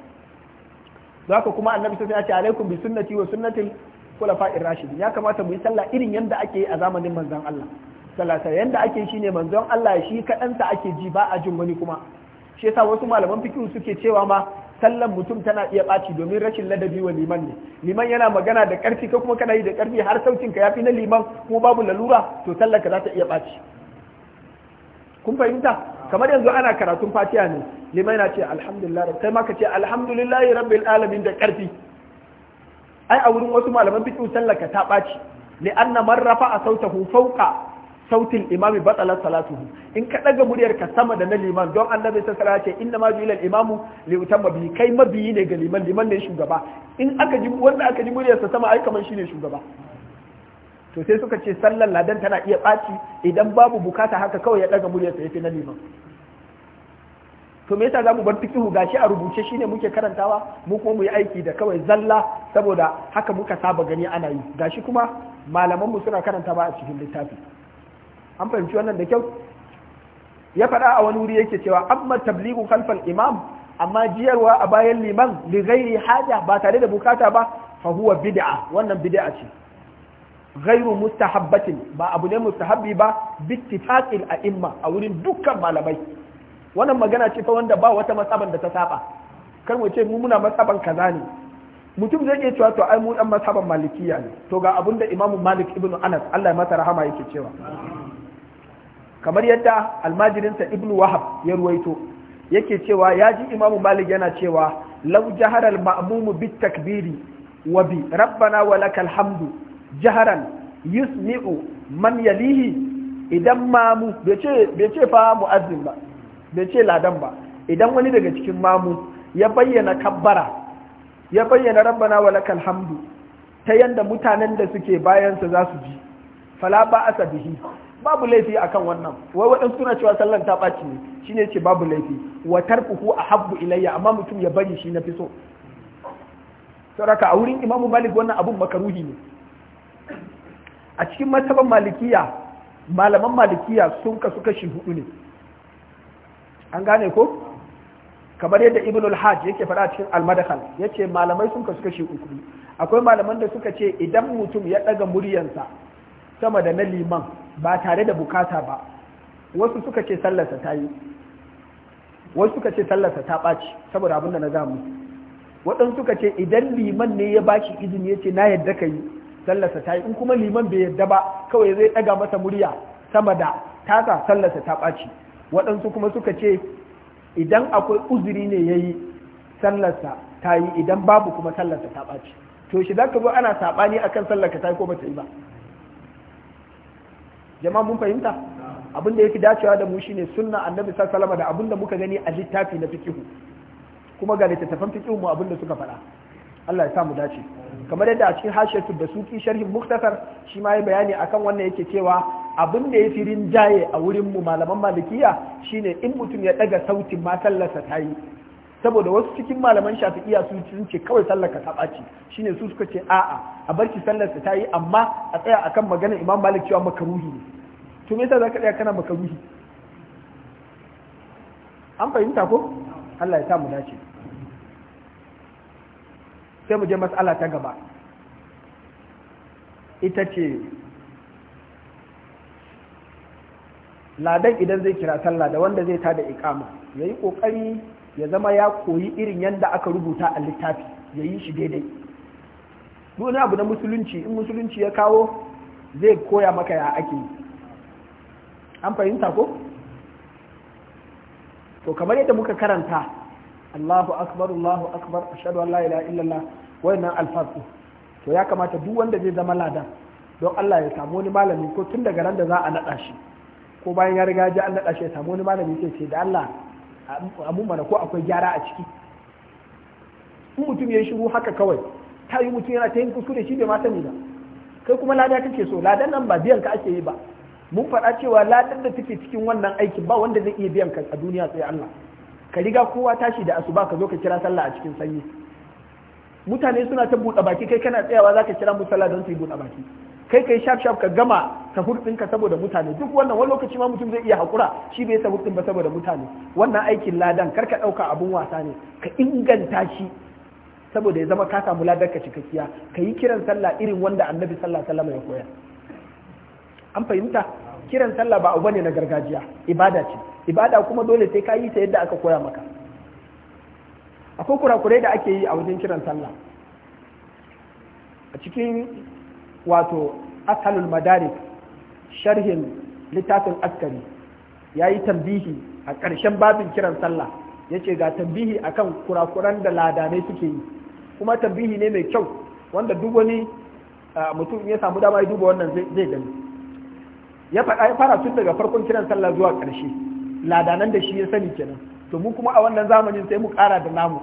zaka kuma annabi sai ya ce alaikum bi sunnati wa sunnatil ar rashidin ya kamata mu yi sallah irin yanda ake a zamanin manzon Allah sallallahu alaihi yanda ake shine manzon Allah shi ta ake ji ba a jin wani kuma shi yasa wasu malaman fikihu suke cewa ma sallan mutum tana iya ɓaci domin rashin ladabi wa liman ne liman yana magana da ƙarfi ko kuma kana yi da ƙarfi har sautin ka fi na liman ko babu lalura to sallar za ta iya ɓaci kun fahimta kamar yanzu ana karatun fatiha ne liman yana ce alhamdulillah kai ma ka ce alhamdulillah rabbil alamin da ƙarfi ai a wurin wasu malaman fiqh sallaka ta ɓaci li anna man rafa'a sautahu fawqa sautin imami batsalar Salatu in ka ɗaga muryar ka sama da na liman don annabi ta sara ce inna ma ju'ila imamu li utamma bi kai mabiyi ne ga liman liman ne shugaba in aka ji wanda aka ji muryar sa sama ai kaman shine shugaba to sai suka ce sallar ladan tana iya ɓaci idan babu bukata haka kawai ya daga muryar sa yafi na liman to me yasa za mu bar fikihu gashi a rubuce shine muke karantawa mu kuma mu yi aiki da kawai zalla saboda haka muka saba gani ana yi gashi kuma malaman mu suna karanta ba a cikin littafi an fahimci wannan da kyau ya faɗa a wani wuri yake cewa amma tabligu khalfal imam amma jiyarwa a bayan liman li ghairi haja ba tare da bukata ba fa huwa bid'a wannan bid'a ce ghairu mustahabbatin ba abu ne mustahabbi ba bittifaqil a'imma a wurin dukkan malamai wannan magana ce fa wanda ba wata masaban da ta saba kar mu ce mu muna masaban kaza ne mutum zai iya cewa to ai mu dan masaban malikiya ne to ga abinda imamu malik ibnu anas Allah ya masa rahama yake cewa kamar yadda almajirinsa ibnu wahab ya ruwaito yake cewa ya ji imamu malik yana cewa lau jaharar ma'amumu bit takbiri wa bi rabbana wa lakal hamdu jaharan yusmi'u man yalihi idan mamu bai ce fa mu'azzin ba bai ce ladan ba idan wani daga cikin mamu ya bayyana kabbara ya bayyana rabbana wa lakal hamdu ta yanda mutanen da suke bayansa za su ji fala ba asa bihi babu laifi a kan wannan wai waɗansu suna cewa sallan ta ɓaci ne shi ne ce babu laifi wa tarkuhu a habbu ilayya amma mutum ya bari shi na fi so sauraka a wurin imamu malik wannan abun makaruhi ne a cikin martaban malikiya malaman malikiya sun kasu kashi hudu ne an gane ko kamar yadda ibn al-hajj yake faɗa cikin al-madakhal yace malamai sun kasu kashi uku akwai malaman da suka ce idan mutum ya ɗaga muryansa sama da na liman ba tare da bukata ba wasu suka ce sallarsa ta yi wasu suka ce sallarsa ta ɓaci saboda abin da na zamu waɗansu suka ce idan liman ne ya baki izini ya ce na yadda ka yi sallarsa ta yi in kuma liman bai yadda ba kawai zai ɗaga masa murya sama da tasa sallarsa ta ɓaci waɗansu kuma suka ce idan akwai uzuri ne ya yi sallarsa ta yi idan babu kuma sallarsa ta ɓaci to shi za ka zo ana saɓani akan sallarka ta yi ko ba ta yi ba jama'a mun fahimta abin da yake dacewa da mu shine sunna annabi sallallahu da abin da muka gani a littafi na fikihu kuma ga littattafan fikihu mu abin da suka faɗa Allah ya sa mu dace kamar yadda a cikin hashiyatu da suki sharhi muktasar shi ma ya bayani akan wannan yake cewa abin da ya fi rinjaye a wurin mu malaman malikiya shine in mutum ya daga sautin ma sallarsa ta yi saboda wasu cikin malaman shafi'iya su sun ce kawai sallar ka ta ɓaci shine su suka ce a'a a barci sallar ta yi amma a tsaya akan maganar imam malik cewa makaruhi ne to me yasa zaka tsaya kana makaruhi an fahimta ko Allah ya sa mu dace sai mu je mas'ala ta gaba ita ce ladan idan zai kira sallah da wanda zai tada ikama yayi kokari ya zama ya koyi irin yadda aka rubuta a littafi ya yi shi daidai wani abu na musulunci in musulunci ya kawo zai koya maka ya ake an fahimta ko to kamar yadda muka karanta Allahu akbar Allahu akbar ashadu an ila illallah wayannan alfafi to ya kamata duk wanda zai zama ladan don Allah ya samu wani malami ko tun daga ran da za a naɗa shi ko bayan ya riga ji an naɗa shi ya samu wani malami sai ce da Allah abun mana ko akwai gyara a ciki in mutum ya shiru haka kawai ta yi mutum yana ta yin kuskure shi bai ma sani ba kai kuma lada kake so ladan nan ba biyan ka ake yi ba mun faɗa cewa ladan da take cikin wannan aikin ba wanda zai iya biyan ka a duniya sai Allah ka riga kowa tashi da asuba ka zo ka kira sallah a cikin sanyi mutane suna ta buɗe baki kai kana tsayawa zaka kira musalla don su yi buɗe baki kai kai shaf shaf ka gama sahur ka saboda mutane duk wannan wani lokaci ma mutum zai iya hakura shi bai sahur ɗin ba saboda mutane wannan aikin ladan kar ka ɗauka abun wasa ne ka inganta shi saboda ya zama ka samu ladar ka cikakkiya ka yi kiran sallah irin wanda annabi sallallahu alaihi wasallam ya koya an fahimta kiran sallah ba abu ne na gargajiya ibada ce ibada kuma dole sai ka yi ta yadda aka koya maka akwai kurakurai da ake yi a wajen kiran sallah a cikin wato asalul madarik sharhin littafin askari ya yi tambihi a ƙarshen babin kiran sallah ya ce ga tambihi akan kurakuran da ladanai suke yi kuma tambihi ne mai kyau wanda duk wani mutum ya samu dama ya duba wannan zai gani ya fara tun daga farkon kiran sallah zuwa ƙarshe ladanan da shi ya sani kenan to mu kuma a wannan zamanin sai mu ƙara da namu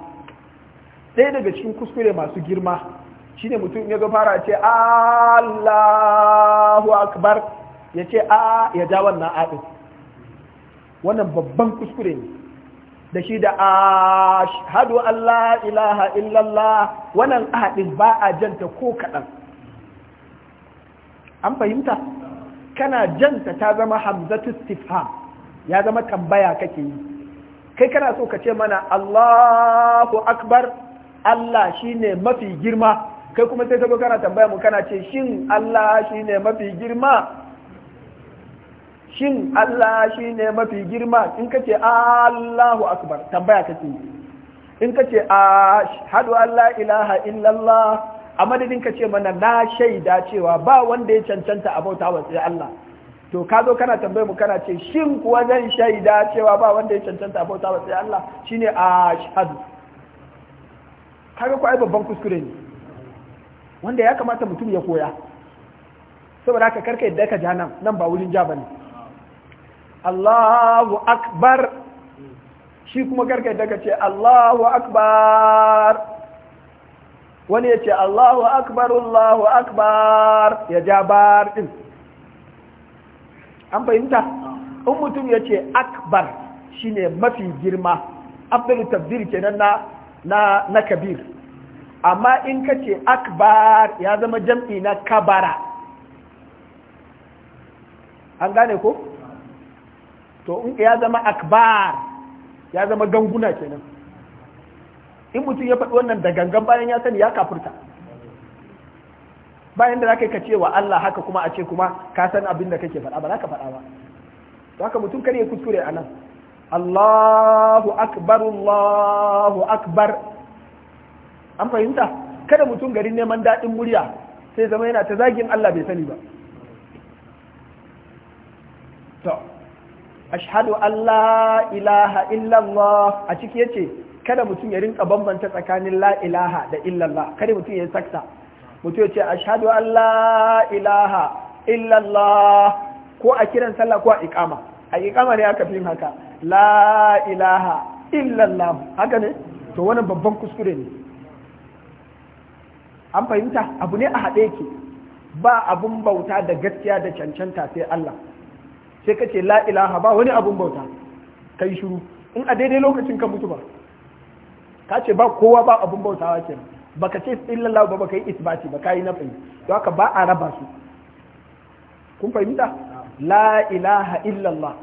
sai daga cikin kuskure masu girma shine mutum ya zo fara ce Allahu akbar ya ce a ya ja wannan a wannan babban kuskure ne da shi da ashhadu Allah ilaha illallah wannan a ba a janta ko kaɗan an fahimta kana janta ta zama hamzatu istifham ya zama tambaya kake yi kai kana so ka ce mana Allahu akbar Allah shine mafi girma kai kuma sai kago kana tambaya mu kana ce shin Allah shine mafi girma shin Allah shine mafi girma in ka ce Allahu akbar tambaya kake in ka ce hadu allah ilaha illallah a madadin ka ce mana na shaida cewa ba wanda ya cancanta a bauta wa sai Allah to ka zo kana tambaye mu kana ce shin kuwa zan shaida cewa ba wanda ya cancanta a bauta wa sai Allah shine ashhadu kaga ko ai babban kuskure ne wanda ya kamata mutum ya koya saboda haka karka yadda ka ja nan nan ba wurin ja bane Allahu akbar shi kuma karka yadda ka ce Allahu akbar wani ya ce Allahu akbar Allahu akbar ya ja bar din an fahimta in mutum ya ce akbar shine mafi girma afdalu Tabbiri kenan na na kabir amma in ka ce akbar ya zama jam'i na kabara an gane ko to in ya zama akbar ya zama ganguna kenan in mutum ya faɗi wannan da gangan bayan ya sani ya kafurta bayan da za ka yi wa Allah haka kuma a ce kuma ka san abin da kake faɗa ba za ka faɗa ba to haka mutum kare ya kuskure a nan Allahu akbar Allahu akbar an fahimta kada mutum garin neman daɗin murya sai zama yana ta zagin Allah bai sani ba to ashhadu an la ilaha illallah a ciki yace kada mutum ya rinka bambanta tsakanin la da illallah kada mutum ya saksa mutum ya ce ashhadu an la illallah ko a kiran sallah ko a ikama, a iqama ne aka fi haka la ilaha illallah haka ne to wannan babban kuskure ne an fahimta abu ne a haɗe ke ba abun bauta da gaskiya da cancanta sai Allah sai ka ce la ilaha ba wani abun bauta ka yi shiru in a daidai lokacin ka mutu ba ka ce ba kowa ba abun bautawa ba baka ce illallah ba baka yi isbati ba ka yi fahimta to haka ba a raba su kun fahimta la ilaha illallah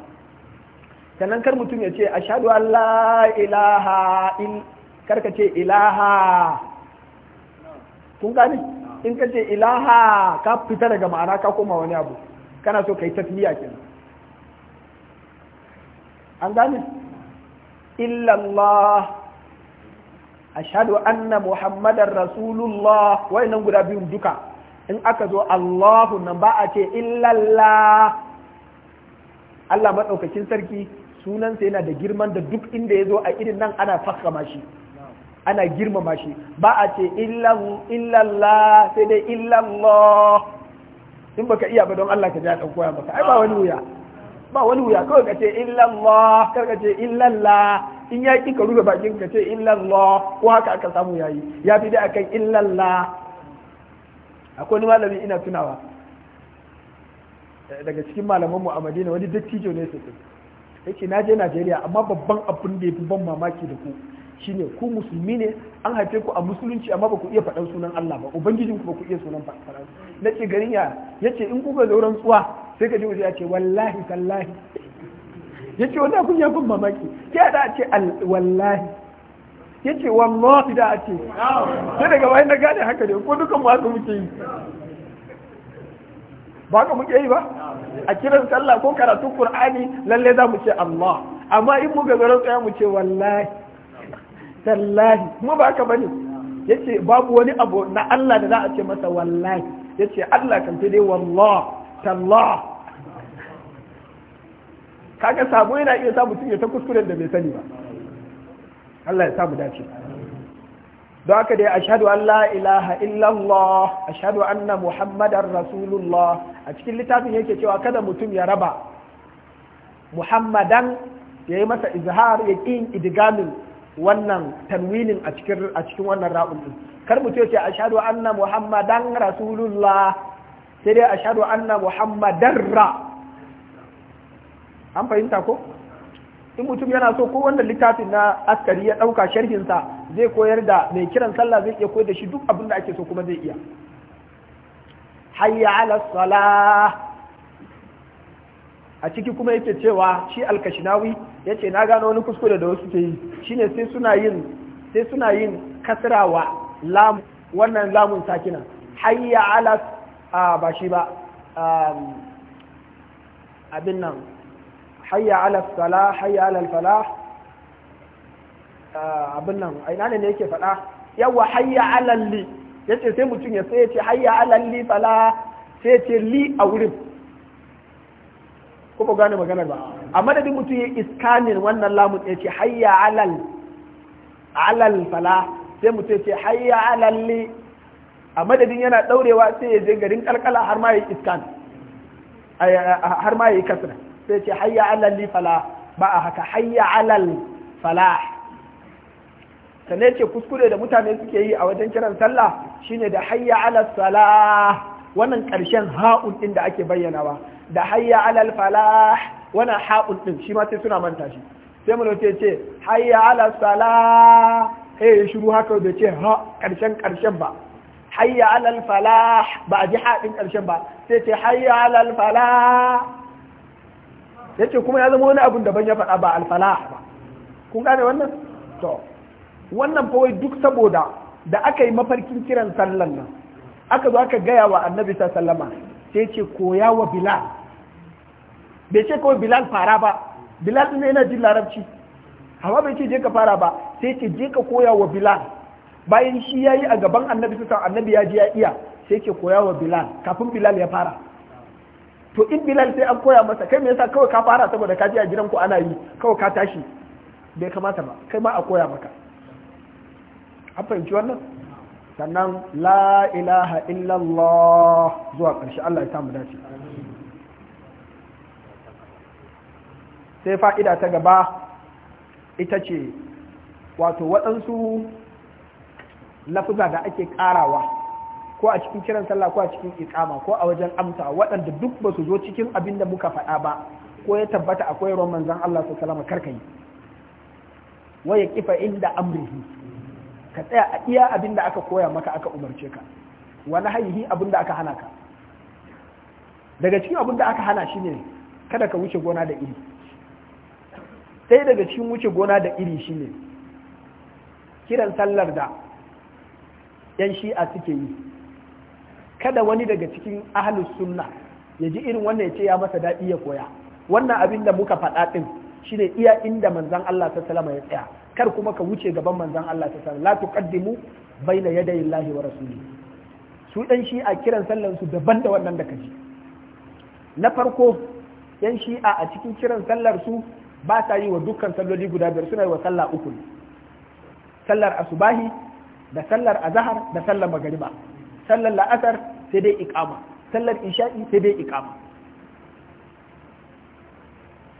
sannan kar mutum ya ce a an la ilaha in ka ce ilaha kun gane in ka ce ilaha ka fita daga ma'ana ka koma wani abu kana so kai tasmiya kenan an gane illallah ashadu anna muhammadar rasulullah nan guda biyun duka in aka zo allahu nan ba a ce illallah Allah maɗaukakin sarki sunansa yana da girman da duk inda ya zo a irin nan ana fassama shi ana girmama shi ba a ce illallah sai dai illallah in baka iya ba don Allah ka ji dan koya maka ai ba wani wuya ba wani wuya kawai ka ce illallah kar ka ce illallah in ya ki ka rufe bakin ka ce illallah ko haka aka samu yayi ya fi dai akan illallah akwai wani malami ina tunawa daga cikin malaman mu a Madina wani dattijo ne sosai yake na je Najeriya amma babban abin da ya fi ban mamaki da ku shine ku musulmi ne an haife ku a musulunci amma ba ku iya faɗan sunan Allah ba ubangijin ku ba ku iya sunan faɗan na ce garin ya ce in kuka zauren tsuwa sai ka ji waje ya ce wallahi sallahi. ya ce wanda kun yafin kun mamaki ke da ce wallahi Ya ce wallahi da a ce sai daga bayan na gane haka ne ko dukan mu haka muke yi ba ka muke yi ba a kiran sallah ko karatun qur'ani lalle za mu ce Allah amma in mu ga zo tsaya mu ce wallahi tallahi kuma ba haka bane yace babu wani abu na Allah da za a ce masa wallahi yace Allah kan sai dai wallah tallah kaga sabo yana iya sa mutum ya ta kuskure da bai sani ba Allah ya sa mu dace don haka dai ashhadu an la ilaha illallah ashhadu anna muhammadar rasulullah a cikin littafin yake cewa kada mutum ya raba muhammadan ya yi masa izhar ya ƙin idgamin wannan tanwinin a cikin a cikin wannan ra'un din kar mu ce ashhadu anna muhammadan rasulullah sai dai ashhadu anna muhammadan ra an fahimta ko in mutum yana so ko wannan littafin na askari ya dauka sharhin sa zai koyar da mai kiran sallah zai iya koyar da shi duk abin da ake so kuma zai iya hayya ala salah a ciki kuma yake cewa shi alkashinawi ya ce na gano wani kuskure da wasu ke yi shine sai suna yin sai suna yin kasrawa lam wannan lamun sakina hayya ala ba shi ba abin nan hayya ala sala hayya ala fala abin nan ina ne yake faɗa yawa hayya ala li yace sai mutum ya sai ya ce hayya ala li fala sai ya ce li a wurin ko ba gane maganar ba a madadin mutum ya iskanin wannan lamun ya ce hayya alal alal fala sai mutum ya ce hayya ne a madadin yana daurewa sai ya je garin kalkala har ma ya iskan har ma ya kasra sai ce hayya ne fala ba a haka hayya alal fala sannan ce kuskure da mutane suke yi a wajen kiran sallah shine da hayya alal sala wannan karshen ha'un din da ake bayyanawa da hayya alal falah wana haɗin ɗin shi ma sai suna manta shi sai mun ce ce hayya alal salah eh shiru haka da ce ha karshen karshen ba hayya alal falah ba a ji haɗin karshen ba sai ce hayya alal falah yace kuma ya zama wani abun daban ya faɗa ba alfalah ba kun gane wannan to wannan fa wai duk saboda da aka yi mafarkin kiran sallan nan aka zo aka gaya wa annabi sallama sai ce koya wa bilal bai ce kawai bilal fara ba bilal ne yana jin larabci amma bai ce je ka fara ba sai ce je ka koya wa bilal bayan shi ya yi a gaban annabi sassan annabi ya ji ya iya sai ce koya wa bilal kafin bilal ya fara to in bilal sai an koya masa kai me yasa kawai ka fara saboda ka ji a gidan ku ana yi kawai ka tashi bai kamata ba kai ma a koya maka an fahimci wannan sannan la ilaha illallah zuwa ƙarshe Allah ya samu dace sai fa'ida ta gaba ita ce wato waɗansu lafuza da ake ƙarawa ko a cikin kiran sallah ko a cikin ikama ko a wajen amsa waɗanda duk ba su zo cikin abin da muka faɗa ba ko ya tabbata akwai roman zan Allah su salama karkai ya kifa inda amrihi ka tsaya a iya abin da aka koya maka aka umarce ka wani hayihi abin da aka hana ka daga cikin abin da aka hana shi ne kada ka wuce gona da iri sai daga cikin wuce gona da iri shi ne kiran sallar da 'yan shi'a suke yi kada wani daga cikin ahalus sunna ya ji irin wannan ya ce ya masa daɗi ya koya wannan abin da muka faɗa shi ne iya inda manzan Allah ta salama ya tsaya kar kuma ka wuce gaban manzon Allah ta sallallahu la tuqaddimu baina yaday Allah wa rasuli su dan shi a kiran sallan su daban da wannan da kaji na farko yan shi'a a cikin kiran sallar su ba sa yi wa dukkan salloli guda biyar suna yi wa sallah uku sallar asubahi da sallar azahar da sallar magariba sallar la'asar sai dai iqama sallar isha'i sai dai iqama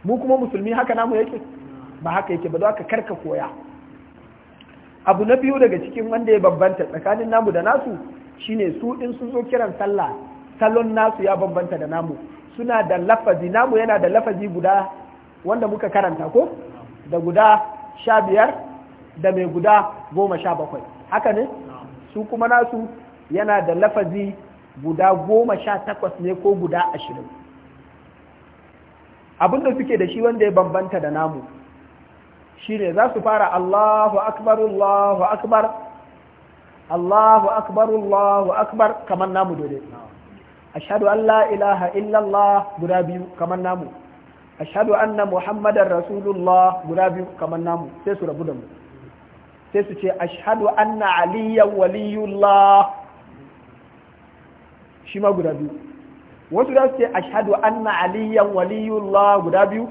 mu kuma musulmi haka namu yake ba haka yake ba don karka koya abu na biyu daga cikin wanda ya bambanta tsakanin namu da nasu shine su in sun zo kiran sallah salon nasu ya bambanta da namu suna da lafazi namu yana da lafazi guda wanda muka karanta ko da guda sha biyar da mai guda goma sha bakwai haka ne su kuma nasu yana da lafazi guda goma sha takwas ne ko guda ashirin abin da suke da shi wanda ya bambanta da namu ne za su fara Allahu akbar Allahu akbar Allahu akbar Allahu akbar kamar namu dole ashhadu an la ilaha illallah guda biyu kamar namu ashhadu anna muhammadar rasulullah guda biyu kamar namu sai su rabu da mu sai su ce ashhadu anna aliyan waliyullah shi ma guda biyu wasu da su ce ashhadu anna aliyan waliyullah guda biyu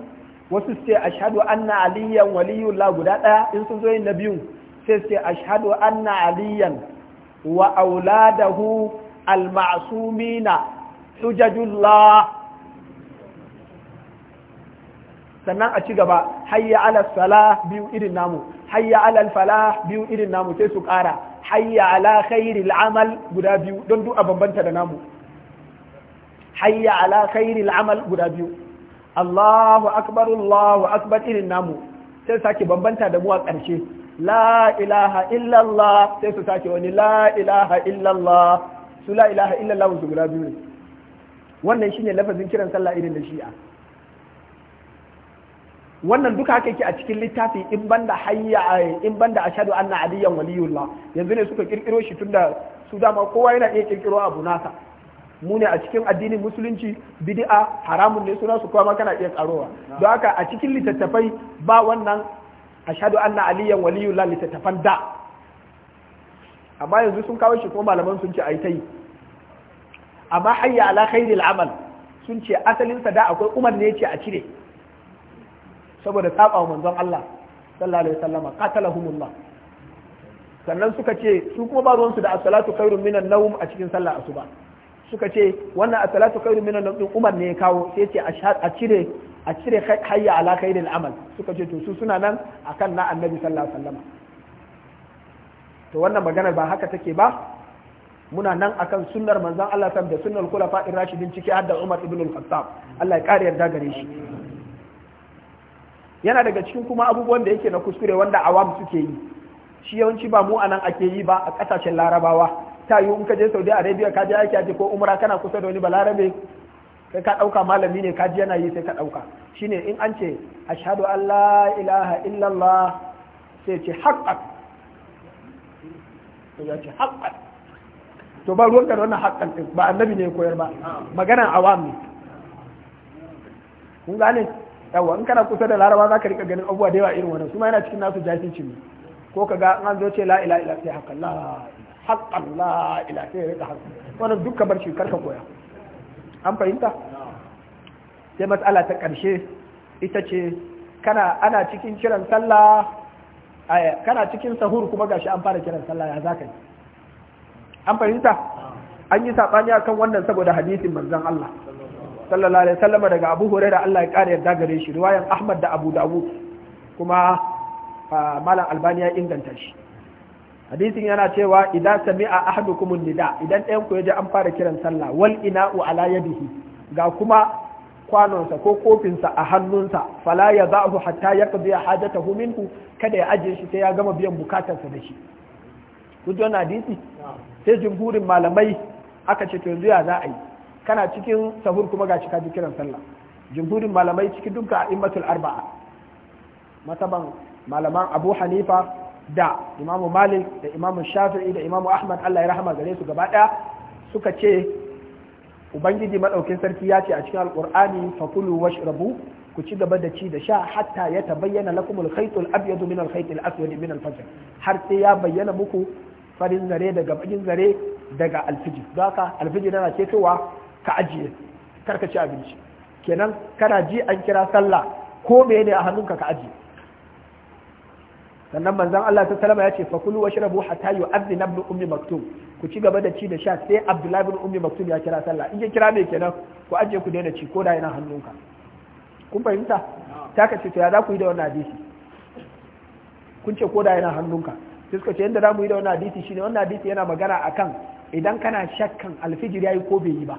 wasu su ce ashhadu anna aliyan la guda ɗaya in sun zo yin na biyun sai a ce an anna aliyan wa auladahu almasumina la. sannan a ci gaba hayya ala sala biyu irin namu hayya ala fala biyu irin namu sai su ƙara hayya ala khairi al'amal guda biyu don duk a bambanta da namu hayya ala khairi al'amal guda biyu Allahu akbar Allahu akbar irin namu sai sake bambanta da mu a ƙarshe la ilaha illallah sai su sake wani la ilaha illallah su la ilaha illallah su guda biyu ne wannan shine lafazin kiran sallah irin da shi'a wannan duka haka yake a cikin littafi in banda hayya in banda ashhadu anna aliyan waliyullah yanzu ne suka kirkiro shi tunda su dama kowa yana iya kirkiro abu nasa mu ne a cikin addinin musulunci bid'a haramun ne suna su kuma kana iya tsarowa don haka a cikin littattafai ba wannan ashadu anna aliyan waliyullah littattafan da amma yanzu sun kawo shi kuma malaman sun ce ai tai amma hayya ala khairil amal sun ce asalin sa da akwai umar ne ce a cire saboda saba wa manzon Allah sallallahu alaihi wasallama qatalahumullah sannan suka ce su kuma ba su da as-salatu khairun minan nawm a cikin sallar asuba suka ce wannan a salatu khairu minan ɗin Umar ne ya kawo sai ce a cire a cire hayya ala khairil amal suka ce to su suna nan akan na annabi sallallahu alaihi to wannan maganar ba haka take ba muna nan akan sunnar manzan Allah sam da sunnar khulafa ar-rashidin ciki hadda da Umar ibn al-Khattab Allah ya kare yarda gare shi yana daga cikin kuma abubuwan da yake na kuskure wanda awam suke yi shi yawanci ba mu anan ake yi ba a kasashen larabawa ta yi in ka je Saudi Arabia ka je aiki aji ko umra kana kusa da wani balarabe kai ka dauka malami ne ka ji yana yi sai ka dauka shine in an ce ashhadu an la ilaha illallah sai ce haqqat to ya ce haqqat to ba ruwan da wannan haqqan din ba annabi ne koyar ba magana awam ne kun gane yawa in kana kusa da laraba za ka rika ganin abubuwa da yawa irin wannan kuma yana cikin nasu jahilci ne ko ka ga an zo ce la ilaha illallah sai haka la haƙƙan la sai ya rika haƙƙi wannan duk kamar shi ka koya an fahimta sai matsala ta ƙarshe ita ce kana ana cikin kiran sallah kana cikin sahur kuma gashi an fara kiran sallah ya zaka yi an fahimta an yi sabani akan wannan saboda hadisin manzon Allah sallallahu alaihi wasallam daga Abu Hurairah Allah ya ƙara yarda gare shi riwayan Ahmad da Abu Dawud kuma malam Albani ya inganta shi hadisin yana cewa idan sami'a ahadukumun nida idan ɗayan ku ji an fara kiran sallah wal ina'u ala yadihi ga kuma kwanonsa ko kofinsa a hannunsa fala ya za'ahu hatta yaqdi hajatahu huminku kada ya ajiye shi sai ya gama biyan bukatarsa da shi kun ji hadisi sai jumhurin malamai aka ce to yanzu ya za a yi kana cikin sahur kuma gashi ka ji kiran sallah jumhurin malamai cikin dukkan a'immatul arba'a mataban malaman Abu Hanifa da imamu malik da imamu shafi'i da imamu ahmad allah ya rahama gare su gaba ɗaya suka ce ubangiji maɗaukin sarki ya ce a cikin alƙur'ani fakulu rabu ku ci gaba da ci da sha hatta ya ta bayyana al-khaytul abyad min al-khayt aswad min al-fajr har sai ya bayyana muku farin zare daga bakin zare daga alfijir haka alfijir yana ketowa ka ajiye karka ci abinci kenan kana ji an kira sallah ko me ne a hannunka ka ajiye sannan manzan Allah ta salama ya ce fa kulu washrabu hatta yu'adhdhin ibn ummi maktum ku ci gaba da ci da sha sai Abdullahi bin ummi maktum ya kira sallah in ya kira me kenan ku aje ku daina ci ko da yana hannunka kun fahimta ta ka ce to ya za ku yi da wannan hadisi kun ce ko da yana hannunka sai suka ce yadda za mu yi da wannan hadisi shine wannan hadisi yana magana akan idan kana shakkan alfijir yayi ko bai yi ba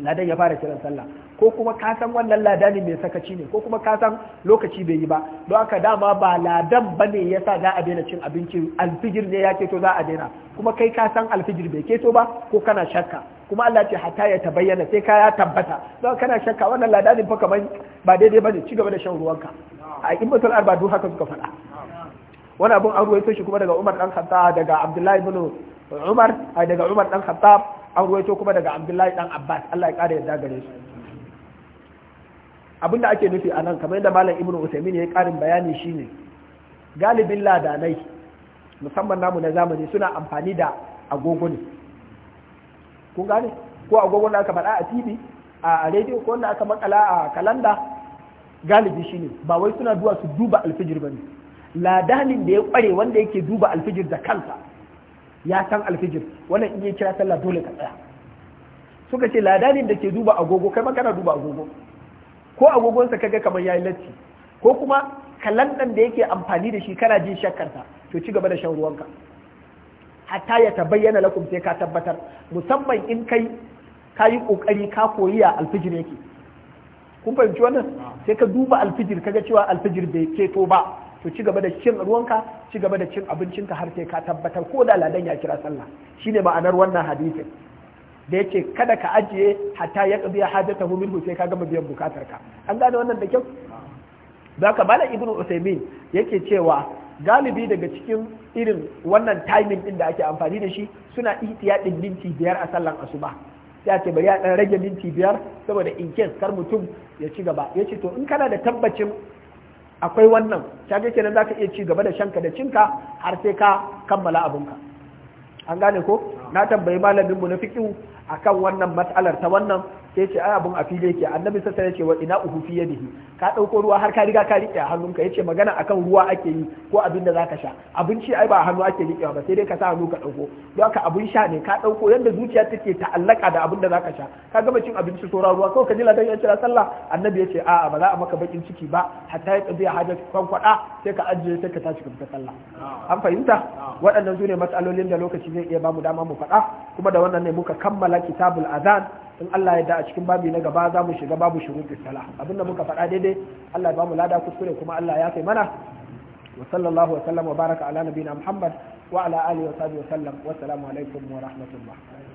ladan ya fara kiran sallah ko kuma ka san wannan ne mai sakaci ne ko kuma ka san lokaci bai yi ba don haka dama ba ladan bane ya yasa za a daina cin abinci alfijir ne ya keto za a daina kuma kai ka san alfijir bai keto ba ko kana shakka kuma Allah ce hata ya tabayyana sai ka ya tabbata don kana shakka wannan ladanin fa kaman ba daidai bane ci gaba da shan ruwanka a ibnatul arba duk haka suka faɗa wani abun an ruwaito shi kuma daga Umar dan Khattab daga Abdullahi ibn Umar daga Umar dan Khattab an ruwaito kuma daga abdullahi dan abbas allah ya kara yadda gare su abin da ake nufi anan nan kamar yadda malam ibnu usaimin ya yi karin bayani shine galibin ladanai musamman namu na zamani suna amfani da agogo ne kun gane ko agogon da aka faɗa a tv a rediyo ko wanda aka makala a kalanda galibi shine ba wai suna duwa su duba alfijir ba ne ladanin da ya kware wanda yake duba alfijir da kansa ya san alfijir wannan in ya kira sallah dole ka tsaya suka ce ladanin da ke duba agogo kai kana duba agogo ko agogonsa kaga kamar yayi latti ko kuma kalandan da yake amfani da shi kana jin shakkarsa to ci gaba da shan ruwanka hatta ya tabayyana lakum sai ka tabbatar musamman in kai ka yi kokari ka koyi ya alfijir yake kun fahimci wannan sai ka duba alfijir kaga cewa alfijir bai keto ba to ci gaba da cin ruwanka ci gaba da cin abincinka har sai ka tabbatar ko da ladan ya kira sallah shine ma'anar wannan hadisin da yake kada ka ajiye hatta ya qadiya hajatahu minhu sai ka gama biyan bukatarka an gane wannan da kyau zaka bala ibnu usaymin yake cewa galibi daga cikin irin wannan timing din da ake amfani da shi suna ihtiyadin minti biyar a sallan asuba sai ake bari a dan rage minti biyar saboda in kar mutum ya ci gaba yace to in kana da tabbacin akwai wannan kaga kenan zaka iya ci gaba da shanka da cinka har sai ka kammala abunka an gane ko na tambayi malamin mu na fiqh akan wannan matsalar ta wannan sai ce ai abun a fili yake annabi sassa ya ce wa ina uhu fi yadihi ka dauko ruwa har ka riga ka rike a hannunka yace magana akan ruwa ake yi ko abin da zaka sha abinci ai ba a hannu ake rike ba sai dai ka sa hannu ka dauko don haka abun sha ne ka dauko yanda zuciya take ta'allaka da abin da zaka sha ka gama cin abinci sauran ruwa kawai ka ji ladan ya sallah annabi yace a'a ba za a maka bakin ciki ba hatta ya tsabiya kan kwada sai ka ajiye sai ka tashi ka fita sallah an fahimta waɗannan su ne matsalolin da lokaci zai iya bamu dama mu faɗa kuma da wannan ne muka kammala kitabul azan in Allah ya da a cikin babi na gaba za mu shiga babu shuruɗi sala abinda muka faɗa daidai Allah ya ba mu lada kuskure kuma Allah ya kai mana wa sallallahu wa sallam wa baraka ala nabiyina Muhammad wa ala alihi wa sahbihi wa sallam wa assalamu alaikum wa rahmatullah